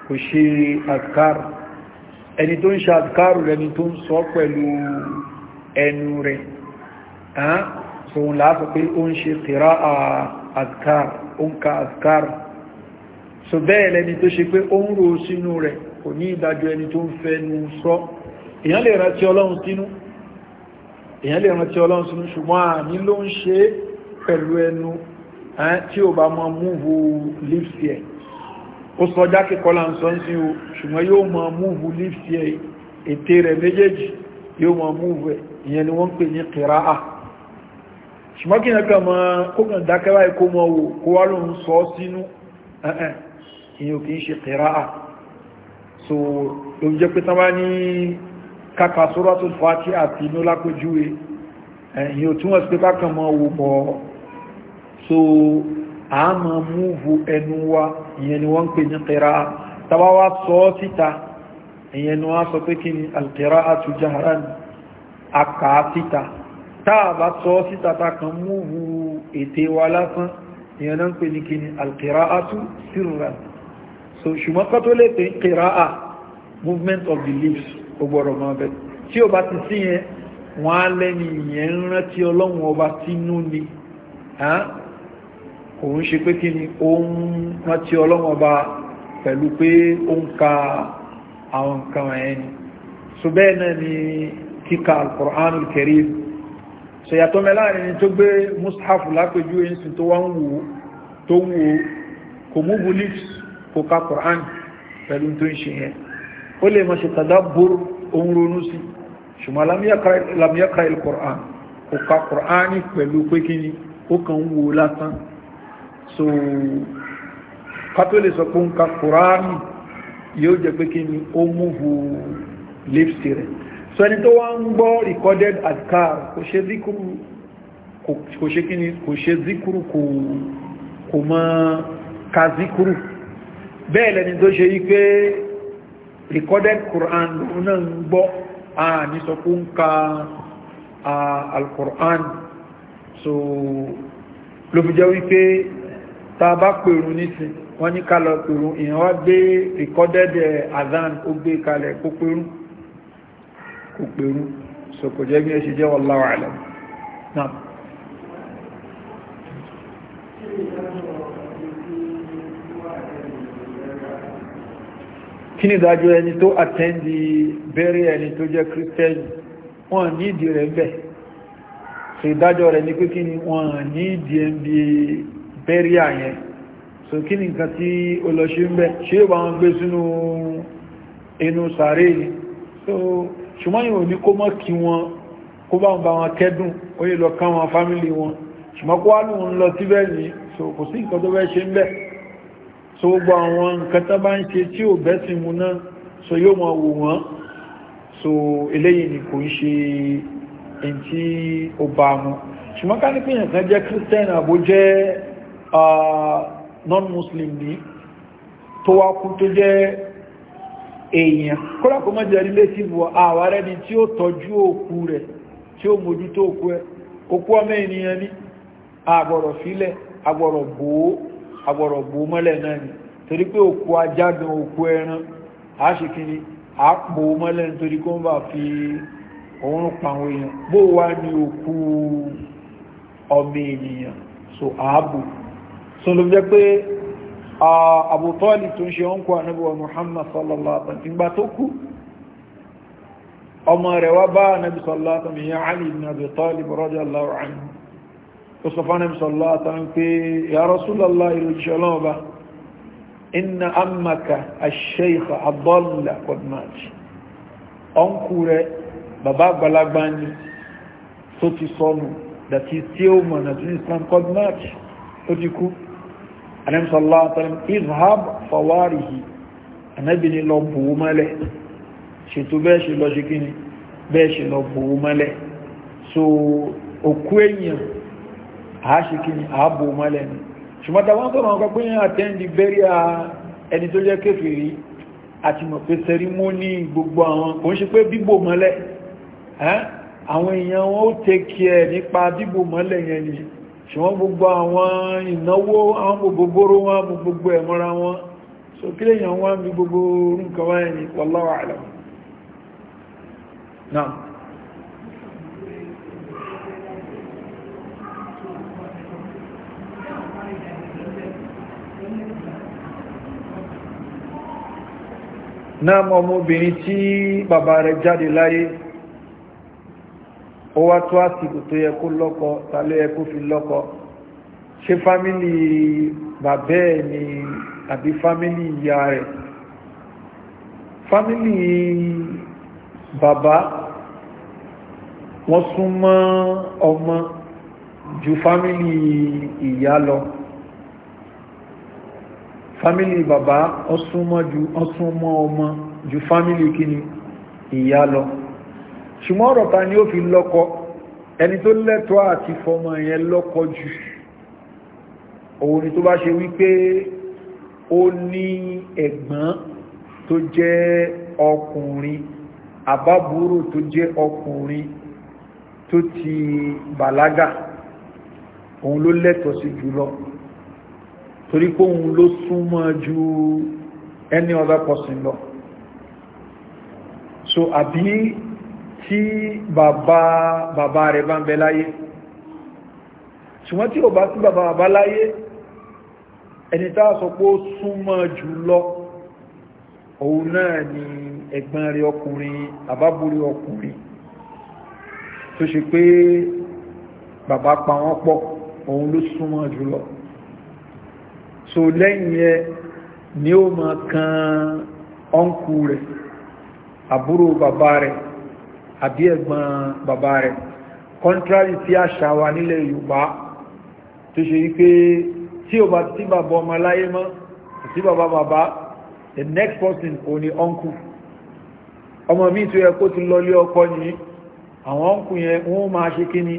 kò ṣe àdìkárù ẹni tó ń ṣe àdìkárù lẹni tó ń sọ pẹ̀lú ẹnu rẹ̀ so bẹ́ẹ̀ lẹni tó ṣe pé ó ń ro sínú rẹ̀ kò ní ìdájọ́ ẹni tó ń fẹnu sọ èèyàn lè rántí ọlọ́run sínú èyàn lè rántí ọlọ́run sínú ṣùgbọ́n àmì ló ń ṣe pẹ̀lú ẹnu tí ó bá mọ múhu lífsì ẹ̀ ó sọ jákè kọ́lá ń sọ ń sí o ṣùgbọ́n yóò mọ múhu lífsì ẹ̀ ètè rẹ̀ méjèèjì yóò mọ múhu ẹ̀ ìyẹn ni wọ́n ń pè ní kìráà ṣùgbọ́n kí yẹn kàn mọ kó kàn dákẹ́ báyìí kó mọ wò kó wá ló ń sọ sínú ìyẹn ò kì í ṣe kìráà so kàkà suratul Fatiha àti inú lápójúwe ẹ̀yìn ò túnwọ̀ sí pé bákan mọ́ owó bọ́ so a mọ́ múvù ẹnu wa ìyẹn ni wọ́n ń pè ní kẹra tàbáwá sọ ọ́ síta ìyẹn ni wọ́n sọ pé kí ni al-qira'atu jahran àkà síta táàbá sọ síta takan múvù ètè wa lásán ìyẹn náà ń pè ní kí ni al-qira'atu sirran so ṣùgbọ́n kọ́ tó lè pè kẹra movement of the leaves ó gbọ́dọ̀ máa bẹ tí ó bá ti sí yẹn wọ́n á lẹ́ni ìyẹn ń rántí ọlọ́run ọba tínú ni òun ṣe pé kí ni òun rántí ọlọ́run ọba pẹ̀lú pé ó ń ka àwọn nǹkan ẹ̀yẹn ni so bẹ́ẹ̀ náà ni kíka al-Qur'an al-Karim so yàtọ̀ mẹ́láàrin tó gbé mushaf lápẹjú ẹ̀sìn tó wá ń wò tó wò kò mú beliefs kò ka Qur'an pẹ̀lú tó ń ṣe yẹn ó lè mọ̀ ṣe tadabbur ohun ronú sí ṣùgbọ́n lam yaqra al-Qur'an kò ka Qur'ani pẹ̀lú pé kí ni ó kàn ń wo lásán so kátó lè sọ pé ń Qur'ani yóò jẹ́ pé kí ni ó mú hu lips rẹ̀ so ẹni tó wá ń gbọ́ recorded adkar kò ṣe zikuru kò ṣe kí ni kò ṣe zikuru kò mọ́ ka zikuru bẹ́ẹ̀ lẹni tó ṣe yí pé recorded Quran lòun náà ń gbọ́ a ní sọ pé ń ka al-Quran so ló fi jẹ́ wípé tá a bá pèrún nísìn wọ́n ní ká lọ pèrún èèyàn wá gbé recorded eh, azan ó gbé kalẹ̀ kó pèrún kó pèrún so kò jẹ́ bí ẹ ṣe jẹ́ wallahu a'lam náà kí ni ìdájọ́ ẹni tó àtẹ́ndì bẹ́rẹ̀ ẹni tó jẹ́ kírísítẹ́nì wọ́n ní ìdí rẹ̀ bẹ̀ so ìdájọ́ rẹ̀ ní pé kí ni wọ́n ní ìdí ẹ̀ bí bẹ́rẹ̀ àyẹn so kí ni nǹkan tí ó lọ ṣe ń bẹ̀ ṣe é wọ́n gbé sínú inú sàárè ni so ṣùgbọ́n yìí ò ní kó mọ́ kí wọn kó bá wọn bá wọn kẹ́dùn ó so kò sí nǹkan so gbogbo àwọn nǹkan tó bá ń ṣe tí ò bẹ́sìn mu náà so yóò máa wò wọ́n so eléyìí ni kò ń ṣe ẹni tí ó bá mu ṣùgbọ́n ká ní pé èèyàn kan jẹ́ christian àbó jẹ́ non-muslim ní tó wá kú tó jẹ́ èèyàn kódà kó má jẹ́ relative àwa rẹ̀ ni tí ó tọ́jú òkú rẹ̀ tí ó mójútó òkú ẹ̀ òkú ọmọ ènìyàn ní àgbọ̀rọ̀ fílẹ̀ àgbọ̀rọ̀ bòó agbọ̀rọ̀ bò mọ́lẹ̀ náà ni torí pé òkú ajá gan òkú ẹran a ṣe kiri a bò mọ́lẹ̀ nítorí kó ń bà fi òórùn pa èèyàn bó wá ní òkú ọmọ ènìyàn so ààbò so ló jẹ́ pé àbòtọ́ọ̀lì tó ń ṣe ọ́nkú ànábíwá Muhammad sallallahu alaihi wasallam ìgbà tó kú ọmọ rẹ̀ wá bá ànábí sallallahu alaihi wasallam ìyá Ali ibn Abi Talib radiyallahu anhu وصفان صلى الله عليه وسلم يا رسول الله الجلابة إن أمك الشيخ أضل قد مات أنكور بابا بلغباني صوتي صنو that is still man as Islam قد مات أتكو أنم صلى الله عليه وسلم اذهب فواره أنا بني لبو ماله شتو باشي لوجيكيني باشي لبو ماله so òkú èèyàn àáṣìkí ni ààbò mọ́lẹ̀ ni ṣùgbọ́ta wọ́n sọ̀rọ̀ ọkọ̀ pé àtẹ́ndì bẹ́ríà ẹni tó jẹ́ kéfèrí àti mọ̀ pé sẹrimóní gbogbo àwọn kò ń ṣe pé bíbò mọ́lẹ̀ àwọn èèyàn wọn ó take care nípa bíbò mọ́lẹ̀ yẹn ni ṣùgbọ́n gbogbo àwọn ìnáwó àwọn gbogbogbooro wọn gbogbo ẹ̀mọ́ra wọn so kí lèèyàn wọn bí gbogbo orúkọ wọn ẹni wallahu a'lam náà náà mọ ọmọbìnrin tí bàbá rẹ̀ jáde láyé ó wá tó àsìkò tó yẹ kó lọ́kọ ta ló yẹ kó fi lọ́kọ ṣé fámílì bàbá ni àbí fámílì ìyá rẹ̀ fámílì bàbá wọ́n sún ọmọ ju fámílì ìyá lọ fámílì bàbá ọsúnmọ́ ọmọ ju fámílì kíni ìyá lọ ṣùgbọ́n ọ̀rọ̀ ta ni ó fi lọ́kọ ẹni tó lẹ́tọ́ àti fọmọ yẹn lọ́kọ jù òun ni tó bá ṣe wípé ó ní ẹ̀gbọ́n tó jẹ́ ọkùnrin àbábúrò tó jẹ́ ọkùnrin tó ti bàlágà òun ló lẹ́tọ̀ sí jùlọ torí pé òun ló súnmọ́ ju any other person lọ so àbí tí bàbá bàbá rẹ̀ bá ń bẹ láyé ṣùgbọ́n tí ò bá sí bàbá bàbá láyé ẹni tá a sọ pé ó súnmọ́ jù lọ òun náà ni ẹ̀gbọ́n rẹ̀ ọkùnrin àbábúrí ọkùnrin tó ṣe pé bàbá pa wọ́n pọ̀ òun ló súnmọ́ jù lọ so lẹ́yìn ẹ ni ó ma kan ọ́nkù rẹ̀ àbúrò bàbá rẹ̀ àbí ẹ̀gbọ́n bàbá rẹ̀ contrary tí àṣà wa nílẹ̀ Yorùbá tó ṣe wípé tí o bá tí bàbá ọmọ aláyé mọ́ tí bàbá bàbá the next person ò ní ọ́nkù ọmọ mi tó yẹ kó ti lọlé ọkọ yìí àwọn ọ́nkù yẹn wọ́n máa ṣe kíni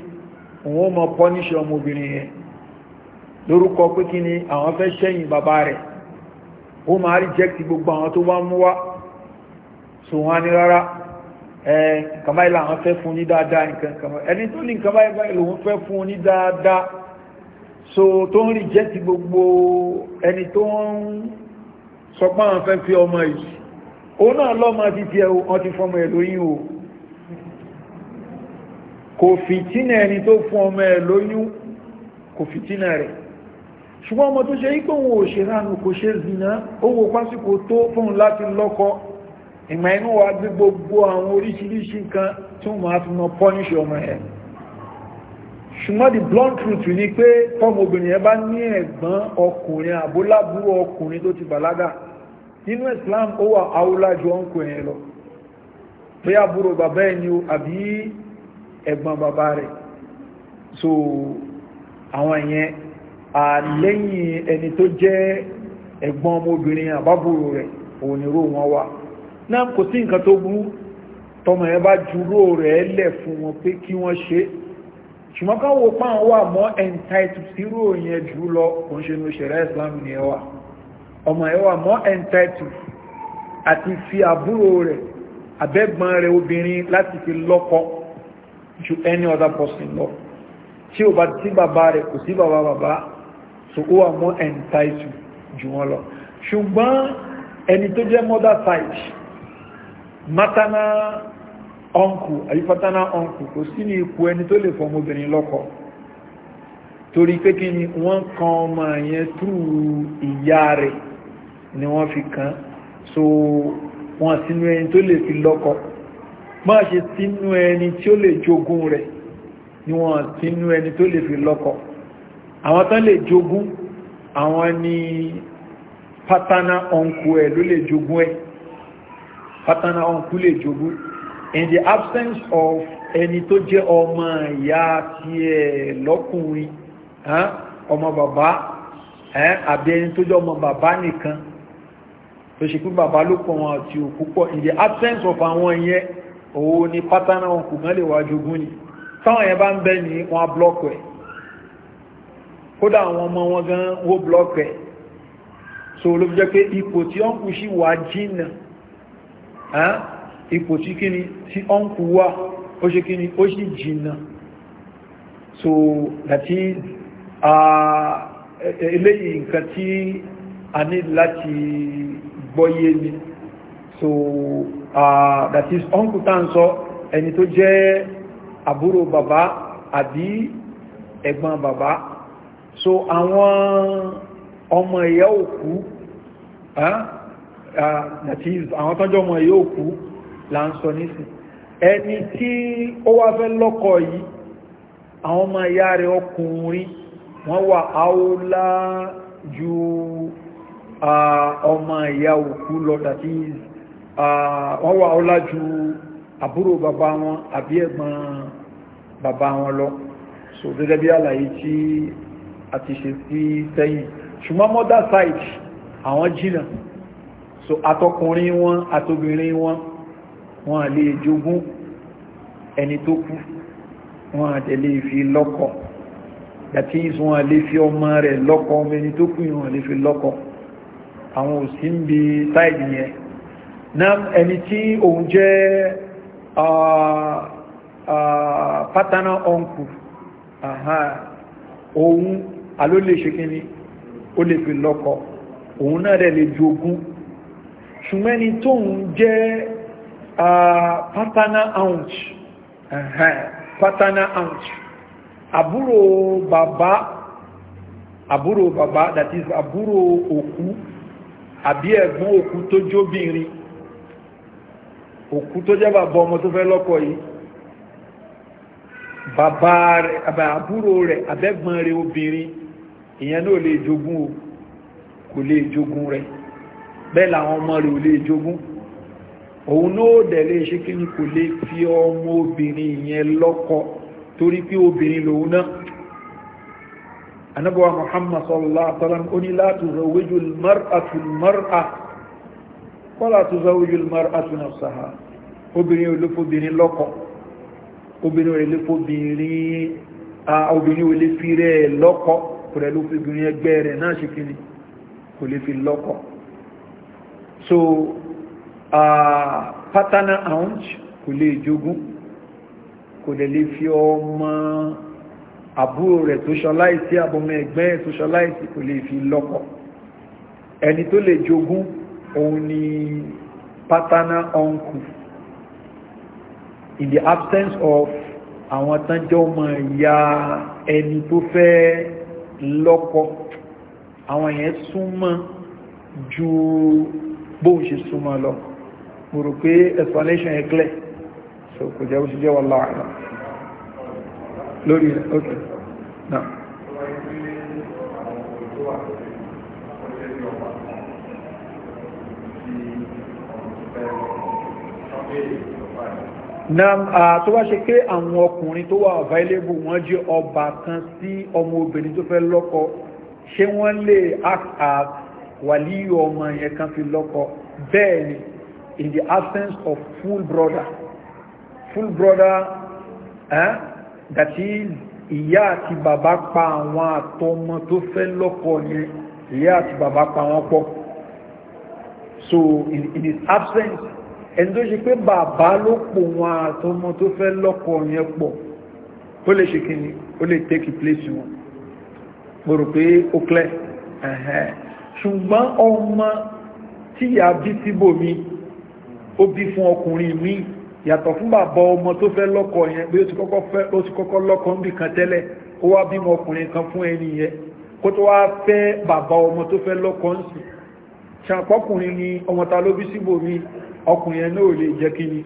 wọ́n máa pọ́níṣẹ́ ọmọbìnrin yẹn lórúkọ pé kí ni àwọn fẹ́ ṣẹ́yìn bàbá rẹ̀ ó máa reject gbogbo àwọn tó bá mú wá so wọ́n ni ní rárá nǹkan báyìí làwọn fẹ́ fún ní dáadáa nǹkan kan ẹni tó ní nǹkan báyìí báyìí lòun fẹ́ fún ní dáadáa so tó ń reject gbogbo ẹni tó ń sọ àwọn fẹ́ fi ọmọ yìí òun náà lọ́mọ ti tiẹ̀ wọ́n ti fọmọ ẹ̀ lóyún o kò fìtínà ẹni tó fún ọmọ ẹ̀ lóyún kò fìtínà rẹ̀ ṣùgbọ́n ọmọ tó ṣe ipò òun ò ṣe ránù kò ṣe zìnà owó pásíkò tó fún láti lọ́kọ ìgbà inú wa gbé gbogbo àwọn oríṣiríṣi nǹkan tí wọ́n máa fi mọ pọ́níṣì ọmọ ẹ̀ ṣùgbọ́n the blunt truth ni pé tọ́mọbìnrin ẹ bá ní ẹ̀gbọ́n ọkùnrin àbólábúrò ọkùnrin tó ti bàlágà nínú Islam ó wà áwúlájú ọ̀nkù ẹ̀yẹn lọ pé àbúrò bàbá ẹni o àbí ẹ̀gbọ́n bàbá rẹ̀ so àwọn ìyẹn àlẹ́yìn ẹni tó jẹ́ ẹ̀gbọ́n ọmọbìnrin àbábòrò rẹ̀ òníró wọn wà náà kò sí nǹkan tó burú tọmọ ẹ bá juró rẹ̀ lẹ̀ fún wọn pé kí wọ́n ṣe ṣùgbọ́n ká ni ẹ wà ọmọ ẹ wà mọ́ entitled àti fi àbúrò rẹ̀ abẹ́gbọ́n rẹ̀ obìnrin láti fi lọ́kọ ju any other person lọ tí ò bá sí bàbá rẹ̀ kò sí bàbá bàbá so ó wà mọ́ ẹ̀ǹtàìsù jù wọn lọ ṣùgbọ́n ẹni tó jẹ́ mother side maternal uncle àbí paternal uncle kò sí ní ipò ẹni tó lè fọmọ obìnrin lọ́kọ torí pé kí ni wọ́n kan ọmọ yẹn túrú ìyá rẹ̀ ni wọ́n fi kan so wọ́n sínú ẹni tó lè fi lọ́kọ má ṣe sínú ẹni tí ó lè jogún rẹ̀ ni wọ́n sínú ẹni tó lè fi lọ́kọ àwọn tán lè jogún àwọn ni pátánà ọ̀nkú ẹ̀ ló lè jogún ẹ̀ pátánà ọ̀nkú lè jogún in the absence of ẹni tó jẹ́ ọmọ ìyá tí ẹ̀ lọ́kùnrin ọmọ bàbá àbí ẹni tó jẹ́ ọmọ bàbá nìkan tó ṣe pé bàbá ló pọ̀ wọn àti òkú pọ̀ in the absence of àwọn yẹn òun ni pátánà ọ̀nkú gan lè wá jogún ni táwọn yẹn bá ń bẹ ní wọn á blọ́ọ̀kù ẹ̀ kódà àwọn ọmọ wọn gan wó blọ́ọ̀kì ẹ̀ so ló fi jẹ́ pé ipò tí ọ́nkù sí wà jìnà ipò tí kíni tí ọ́nkù wà ó ṣe kíni ó sì jìnà so dàtí e, eléyìí nǹkan tí a ní láti gbọ́yé ni so that is ọ́nkù tá ń sọ ẹni tó jẹ́ àbúrò bàbá àbí ẹ̀gbọ́n bàbá so àwọn ọmọ ìyá òkú àti àwọn tọ́jọ́ ọmọ ìyá òkú là ń sọ nísìn ẹni tí ó wá fẹ́ lọ́kọ yìí àwọn ọmọ ìyá rẹ̀ ọkùnrin wọ́n wà áúlá ju ọmọ ìyá òkú lọ that is wọ́n wà áúlá ju àbúrò bàbá wọn àbí ẹ̀gbọ́n bàbá wọn lọ so gẹ́gẹ́ bí àlàyé tí àti ṣe sí sẹ́yìn ṣùgbọ́n mother side àwọn jìnà so àtọkùnrin wọn àtobìnrin wọn wọn lè jogún ẹni tó kú wọn àtẹ lè fi lọ́kọ that is wọn lè fi ọmọ rẹ̀ lọ́kọ ọmọ ẹni tó kú wọn lè fi lọ́kọ àwọn ò sí ń bi side yẹn náà ẹni tí òun jẹ́ ah, ah, paternal uncle òun àló lè ṣe kí ni ó lè fi lọ́kọ òun náà rẹ̀ lè jogún ṣùgbọ́n ẹni tóun jẹ́ paternal aunt paternal aunt àbúrò bàbá àbúrò bàbá that is àbúrò òkú àbí ẹ̀gbọ́n òkú tó jóbìnrin òkú tó jẹ́ bàbá ọmọ tó fẹ́ lọ́kọ yìí bàbá rẹ̀ àbúrò rẹ̀ àbẹ́gbọ́n rẹ̀ obìnrin ìyẹn náà lè jogún o kò lè jogún rẹ̀ bẹ́ẹ̀ làwọn ọmọ rẹ̀ ò lè jogún òun náà dẹ̀ lè ṣe kí ni kò lè fi ọmọ obìnrin ìyẹn lọ́kọ torí pé obìnrin lòun náà anábọ̀wá muhammad sallallahu alaihi wa sallam ó ní la tuzawwiju al-mar'atu al obìnrin olófobìnrin lọ́kọ obìnrin olófobìnrin obìnrin rẹ̀ ló fi obìnrin ẹgbẹ́ rẹ̀ náà ṣe kíni kò lè fi lọ́kọ so pátánà aunt kò lè jogún kò lè lè fi ọmọ àbúrò rẹ̀ tó ṣọláìsí àbọmọ ẹgbẹ́ tó ṣọláìsí kò lè fi lọ́kọ ẹni tó lè jogún òun ni pátánà uncle in the absence of àwọn tán jẹ́ ọmọ ìyá ẹni tó fẹ́ẹ́ lọ́kọ àwọn èèyàn súnmọ́ ju bóun ṣe súnmọ́ lọ mo rò pé explanation yẹn clear so kò jẹ́ bó ṣe jẹ́ wà láàrín lórí rẹ̀ ok now. náà tó wá ṣe pé àwọn ọkùnrin tó wà available wọ́n jẹ́ ọba kan sí ọmọ obìnrin tó fẹ́ lọ́kọ ṣé wọ́n lè act as wàlíyù ọmọ yẹn kan fi lọ́kọ bẹ́ẹ̀ ni in the absence of full brother full brother eh? that is ìyá àti bàbá pa àwọn àtọmọ tó fẹ́ lọ́kọ yẹn ìyá àti bàbá pa wọ́n pọ̀ so in, in his absence ẹni tó ṣe pé bàbá ló pò wọn àtọmọ tó fẹ́ lọ́kọ yẹn pọ̀ ó lè ṣe kí ni ó lè take place wọn mo rò pé ó clear ṣùgbọ́n ọmọ tí ìyá bí síbò mi ó bí fún ọkùnrin mi yàtọ̀ fún bàbá ọmọ tó fẹ́ lọ́kọ yẹn pé ó ti kọ́kọ́ lọ́kọ ń bì kan tẹ́lẹ̀ ó wá bímọ ọkùnrin kan fún ẹni yẹn kó tó wá fẹ́ bàbá ọmọ tó fẹ́ lọ́kọ ń sìn ṣàpọ́kùnrin ni ọmọ ta ló bí síbò mi ọkùnrin yẹn náà lè jẹ́ kí ni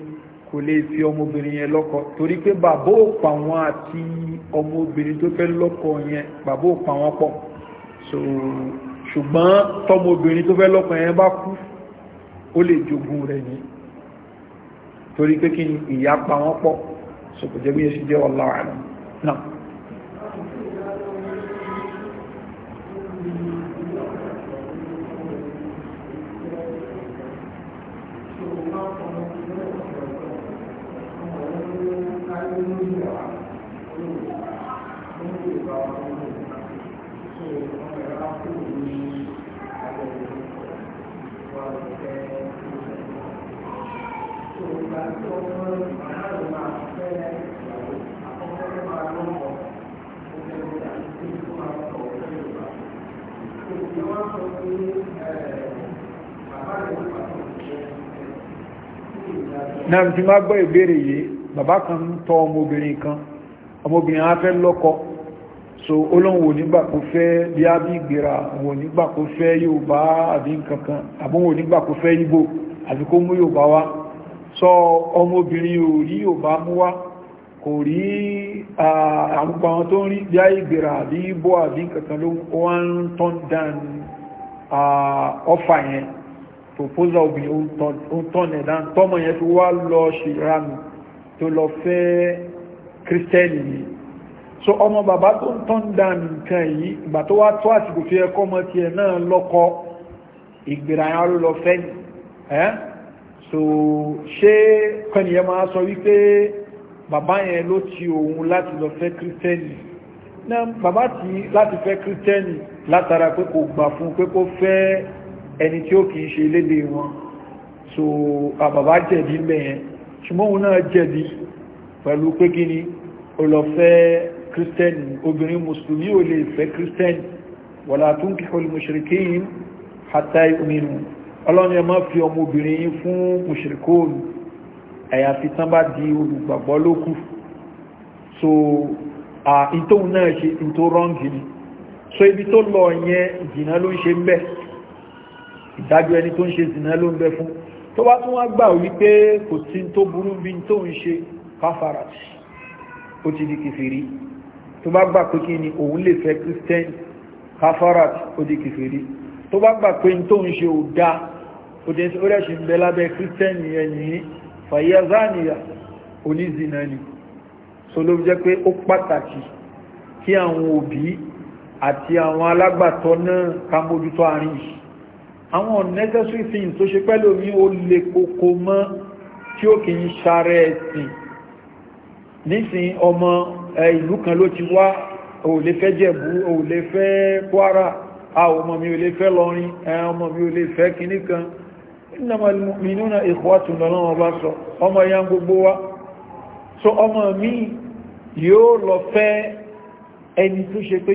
kò lè fi ọmọbìnrin yẹn lọ́kọ torí pé bàbá ò wọn àti ọmọbìnrin tó fẹ́ lọ́kọ yẹn bàbá ò wọn pọ̀ so ṣùgbọ́n tọmọbìnrin tó fẹ́ lọ́kọ yẹn bá kú ó lè jogun rẹ̀ ni torí pé kí ni ìyá pa wọn pọ̀ so kò jẹ́ bí yẹn ṣe jẹ́ wallahu náà. náà ti má gbọ́ ìbéèrè yìí bàbá kan ń tọ́ ọmọbìnrin kan ọmọbìnrin á fẹ́ lọ́kọ so olóhùn onígbà kó fẹ́ bí á bí ìgbéra òun onígbà kó fẹ́ Yorùbá àbí nkankan àbúhùn onígbà kó fẹ́ Ìgbò àbí kó mú Yorùbá wá sọ ọmọbìnrin ò rí Yorùbá mú wá kò rí àgbà wọn tó ń rí bí á ìgbéra àbí Ìgbò àbí nkankan ló wọ́n tọ́ dáa ọfà yẹn proposal obìnrin ó tán ẹ̀dá tọ́mọ yẹn fi wá lọ ṣe ìranù tó lọ fẹ́ kírísítẹ́nì yìí so ọmọ bàbá tó ń tán dá nǹkan yìí ìgbà tó wá tó àsìkò tó yẹ kọ́mọ tiẹ̀ náà lọ́kọ ìgbéra yẹn ló lọ fẹ́ ni ẹ́ so ṣé kọ́nìyẹn máa sọ wípé bàbá yẹn ló ti òun láti lọ fẹ́ kírísítẹ́nì náà bàbá tí láti fẹ́ kírísítẹ́nì látara pé kò gbà fún pé kó fẹ́ ẹni tí ó kìí ṣe lédè wọn so àbàbá jẹ̀bi mẹ́yẹn ṣùgbọ́n òun náà jẹ̀bi pẹ̀lú pé kí ni ó lọ fẹ́ kírísítẹ́nì obìnrin mùsùlùmí ò lè fẹ́ kírísítẹ́nì wala tunkihul mushrikin hatta yu'minu ọlọ́run ẹ má fi ọmọ obìnrin yín fún mushrikóòlù àyàfi tán bá di olùgbàgbọ́ lókù so ìtóhun náà ṣe ìtó rọ́ǹgì ni so ibi tó lọ yẹn ìjìnà ló ń ṣe ń ìdájọ́ ẹni tó ń ṣe zìnà ló ń bẹ fún tó bá tún wá gbà wípé kò sí tó burú bí tó ń ṣe káfàrà ó ti di kìfèrí tó bá gbà pé kí ni òun lè fẹ́ kírísítẹ́nì káfàrà ó di kìfèrí tó bá gbà pé tó ń ṣe ò dá ó dẹ̀ ṣe ń bẹ lábẹ́ kírísítẹ́nì ẹ̀yìn fàyẹ́zánìyà onízìnà ni so ló jẹ́ pé ó pàtàkì kí àwọn òbí àti àwọn alágbàtọ́ náà ká mójútó àárín yìí àwọn necessary things tó ṣe pẹ́lú mi ó lè kókó mọ́ tí ó kì í ṣàrẹ ẹ̀sìn nísìn ọmọ ìlú kan ló ti wá ò lè fẹ́ jẹ̀bú ò lè fẹ́ kwara a ọmọ mi ò lè fẹ́ lọrin ọmọ mi ò lè fẹ́ kìíní kan innama al-mu'minuna ikhwatun sọ so ọmọ mi yóò lọ fẹ́ ẹni tó ṣe pé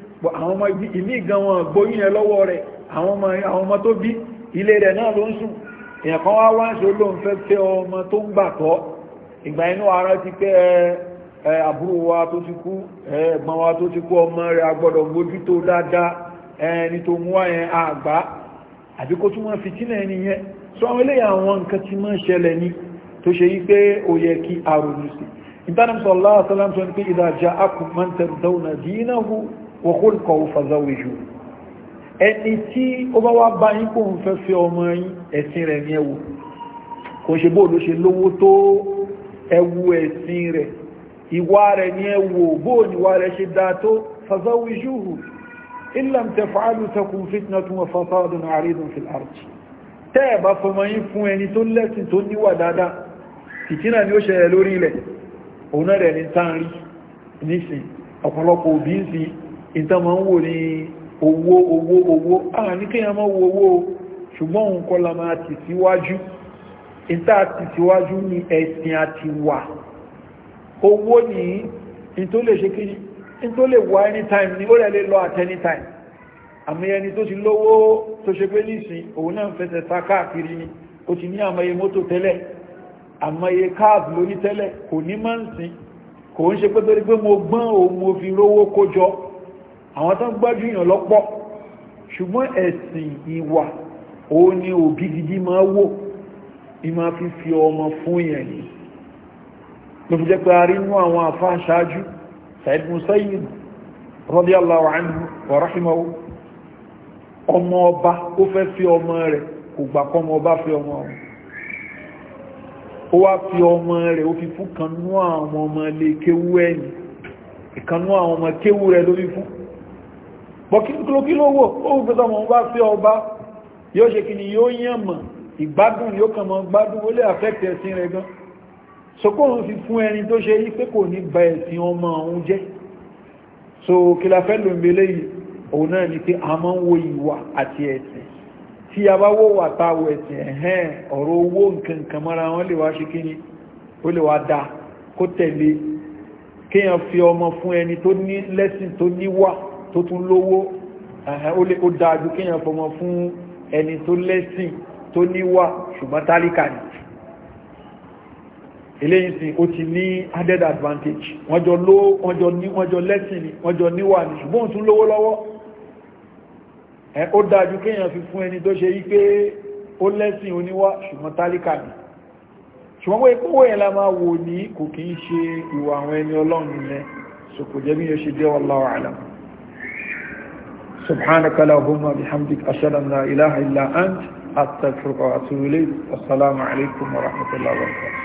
àwọn ọmọ ilé ìgan wọn gbóyìn ẹ lọ́wọ́ rẹ̀ àwọn ọmọ tó bí ilé rẹ̀ náà ló ń sùn èèyàn wá wá ń ṣe olóhun fẹ́ fẹ́ ọmọ tó ń gbà tọ́ ìgbà inú ara ti pé àbúrò wa tó ti kú ẹ̀gbọ́n wa tó ti kú ọmọ rẹ̀ agbọ́dọ̀ mójútó dáadáa ẹni tó mú wá yẹn àgbá àbí kó tún wọ́n fi tínà ẹni yẹn sọ àwọn eléyà àwọn nǹkan ní pé ìdájá akùnmọ́ntẹ̀rùdáwùnà dínàwó wọ́kúlùkọ̀ fàzáwéjú ẹni tí ó bá wá bá yín kò ń fẹ́ fẹ́ ọmọ yín ẹ̀sìn rẹ̀ ní ẹwù kò ṣe bóòlù ṣe lówó tó ẹwù ẹ̀sìn rẹ̀ ìwà rẹ̀ ní ẹwù bóòlù ìwà rẹ̀ ṣe dáa tó fàzáwéjú ilẹ̀ tẹfàálù tẹkùn fitna tún wọ fasádùn àrídùn fil ardi tẹ́ ẹ̀ bá fọmọ yín fún ẹni tó lẹ́sìn tó níwà dáadáa fìtínà ni ó ṣẹlẹ̀ lórí ilẹ̀ òun náà rẹ̀ ní tán rí nísìn ọ̀pọ̀lọpọ̀ òbí ń ìtàmà ń wò ní owó owó owó àà ní kíyàn máa wo owó ṣùgbọ́n òun kọ́ la máa tì síwájú ìta àti síwájú ní ẹ̀sìn àti wà owó ní ìtò lè lè wà anytime ní ó lè lọ at anytime àmì ẹni tó ti lówó tó ṣe pé nísìn òun náà fẹsẹ̀ sá káàkiri ni ó ti ní àmọye mọ́tò tẹ́lẹ̀ àmọye káàbù lóní kò ní máa ń kò ń ṣe pé pé mo gbọ́n òun mo fi rówó kójọ àwọn tó ń gbájú èèyàn lọ́pọ̀ ṣùgbọ́n ẹ̀sìn ìwà òun ni òbí gidi máa wò ní máa fi fi ọmọ fún yẹn ni ló fi jẹ́ pé a rí inú àwọn àfá ṣáájú Said Musayyib radiyallahu anhu wa rahimahu ọmọ ọba ó fẹ́ fi ọmọ rẹ̀ kò gbà kọmọ ọba fi ọmọ rẹ̀ ó wá fi ọmọ rẹ̀ ó fi fún kanú àwọn ọmọ ilé kéwú ẹ̀yìn rẹ̀ ló fún pọ̀kílókí ló wò ó wù pẹ́sọ́ mọ̀ bá fi ọba yóò ṣe kí ni yóò yàn mọ̀ ìgbádùn yóò kàn mọ̀ gbádùn ó lè affect ẹ̀sìn rẹ̀ gan sokóhun jẹ́ so kí la fẹ́ lò ń yìí òun náà ni pé a máa ń wo ìwà àti ẹ̀sìn tí a bá wò wà ta wo ẹ̀sìn ẹ̀hẹ́n ọ̀rọ̀ owó nǹkan kan mọ́ra wọn lè wá ṣe kí ni ó lè wá dáa kó tẹ̀lé kéèyàn fi ọmọ fún ẹni tó ní lẹ́sìn tó níwà tó tún lówó ó dájú kéèyàn fọmọ fún ẹni tó lẹ́sìn tó níwà ṣùgbọ́n tálíkà ni eléyìí sí ó ti ní added advantage wọ́n jọ ló wọ́n jọ lẹ́sìn ni wọ́n jọ níwà ni ṣùgbọ́n tún lówó lọ́wọ́ ó dájú kéèyàn fi fún ẹni tó ṣe yí pé ó lẹ́sìn oníwà ṣùgbọ́n tálíkà ni ṣùgbọ́n pé kówó yẹn la máa wò ní kò kí ń ṣe ìwà àwọn ẹni ọlọ́run yẹn so bí yóò ṣe jẹ́ wallahu a'lam سبحانك اللهم بحمدك أشهد أن لا إله إلا أنت أستغفرك وأتوب إليك والسلام عليكم ورحمة الله وبركاته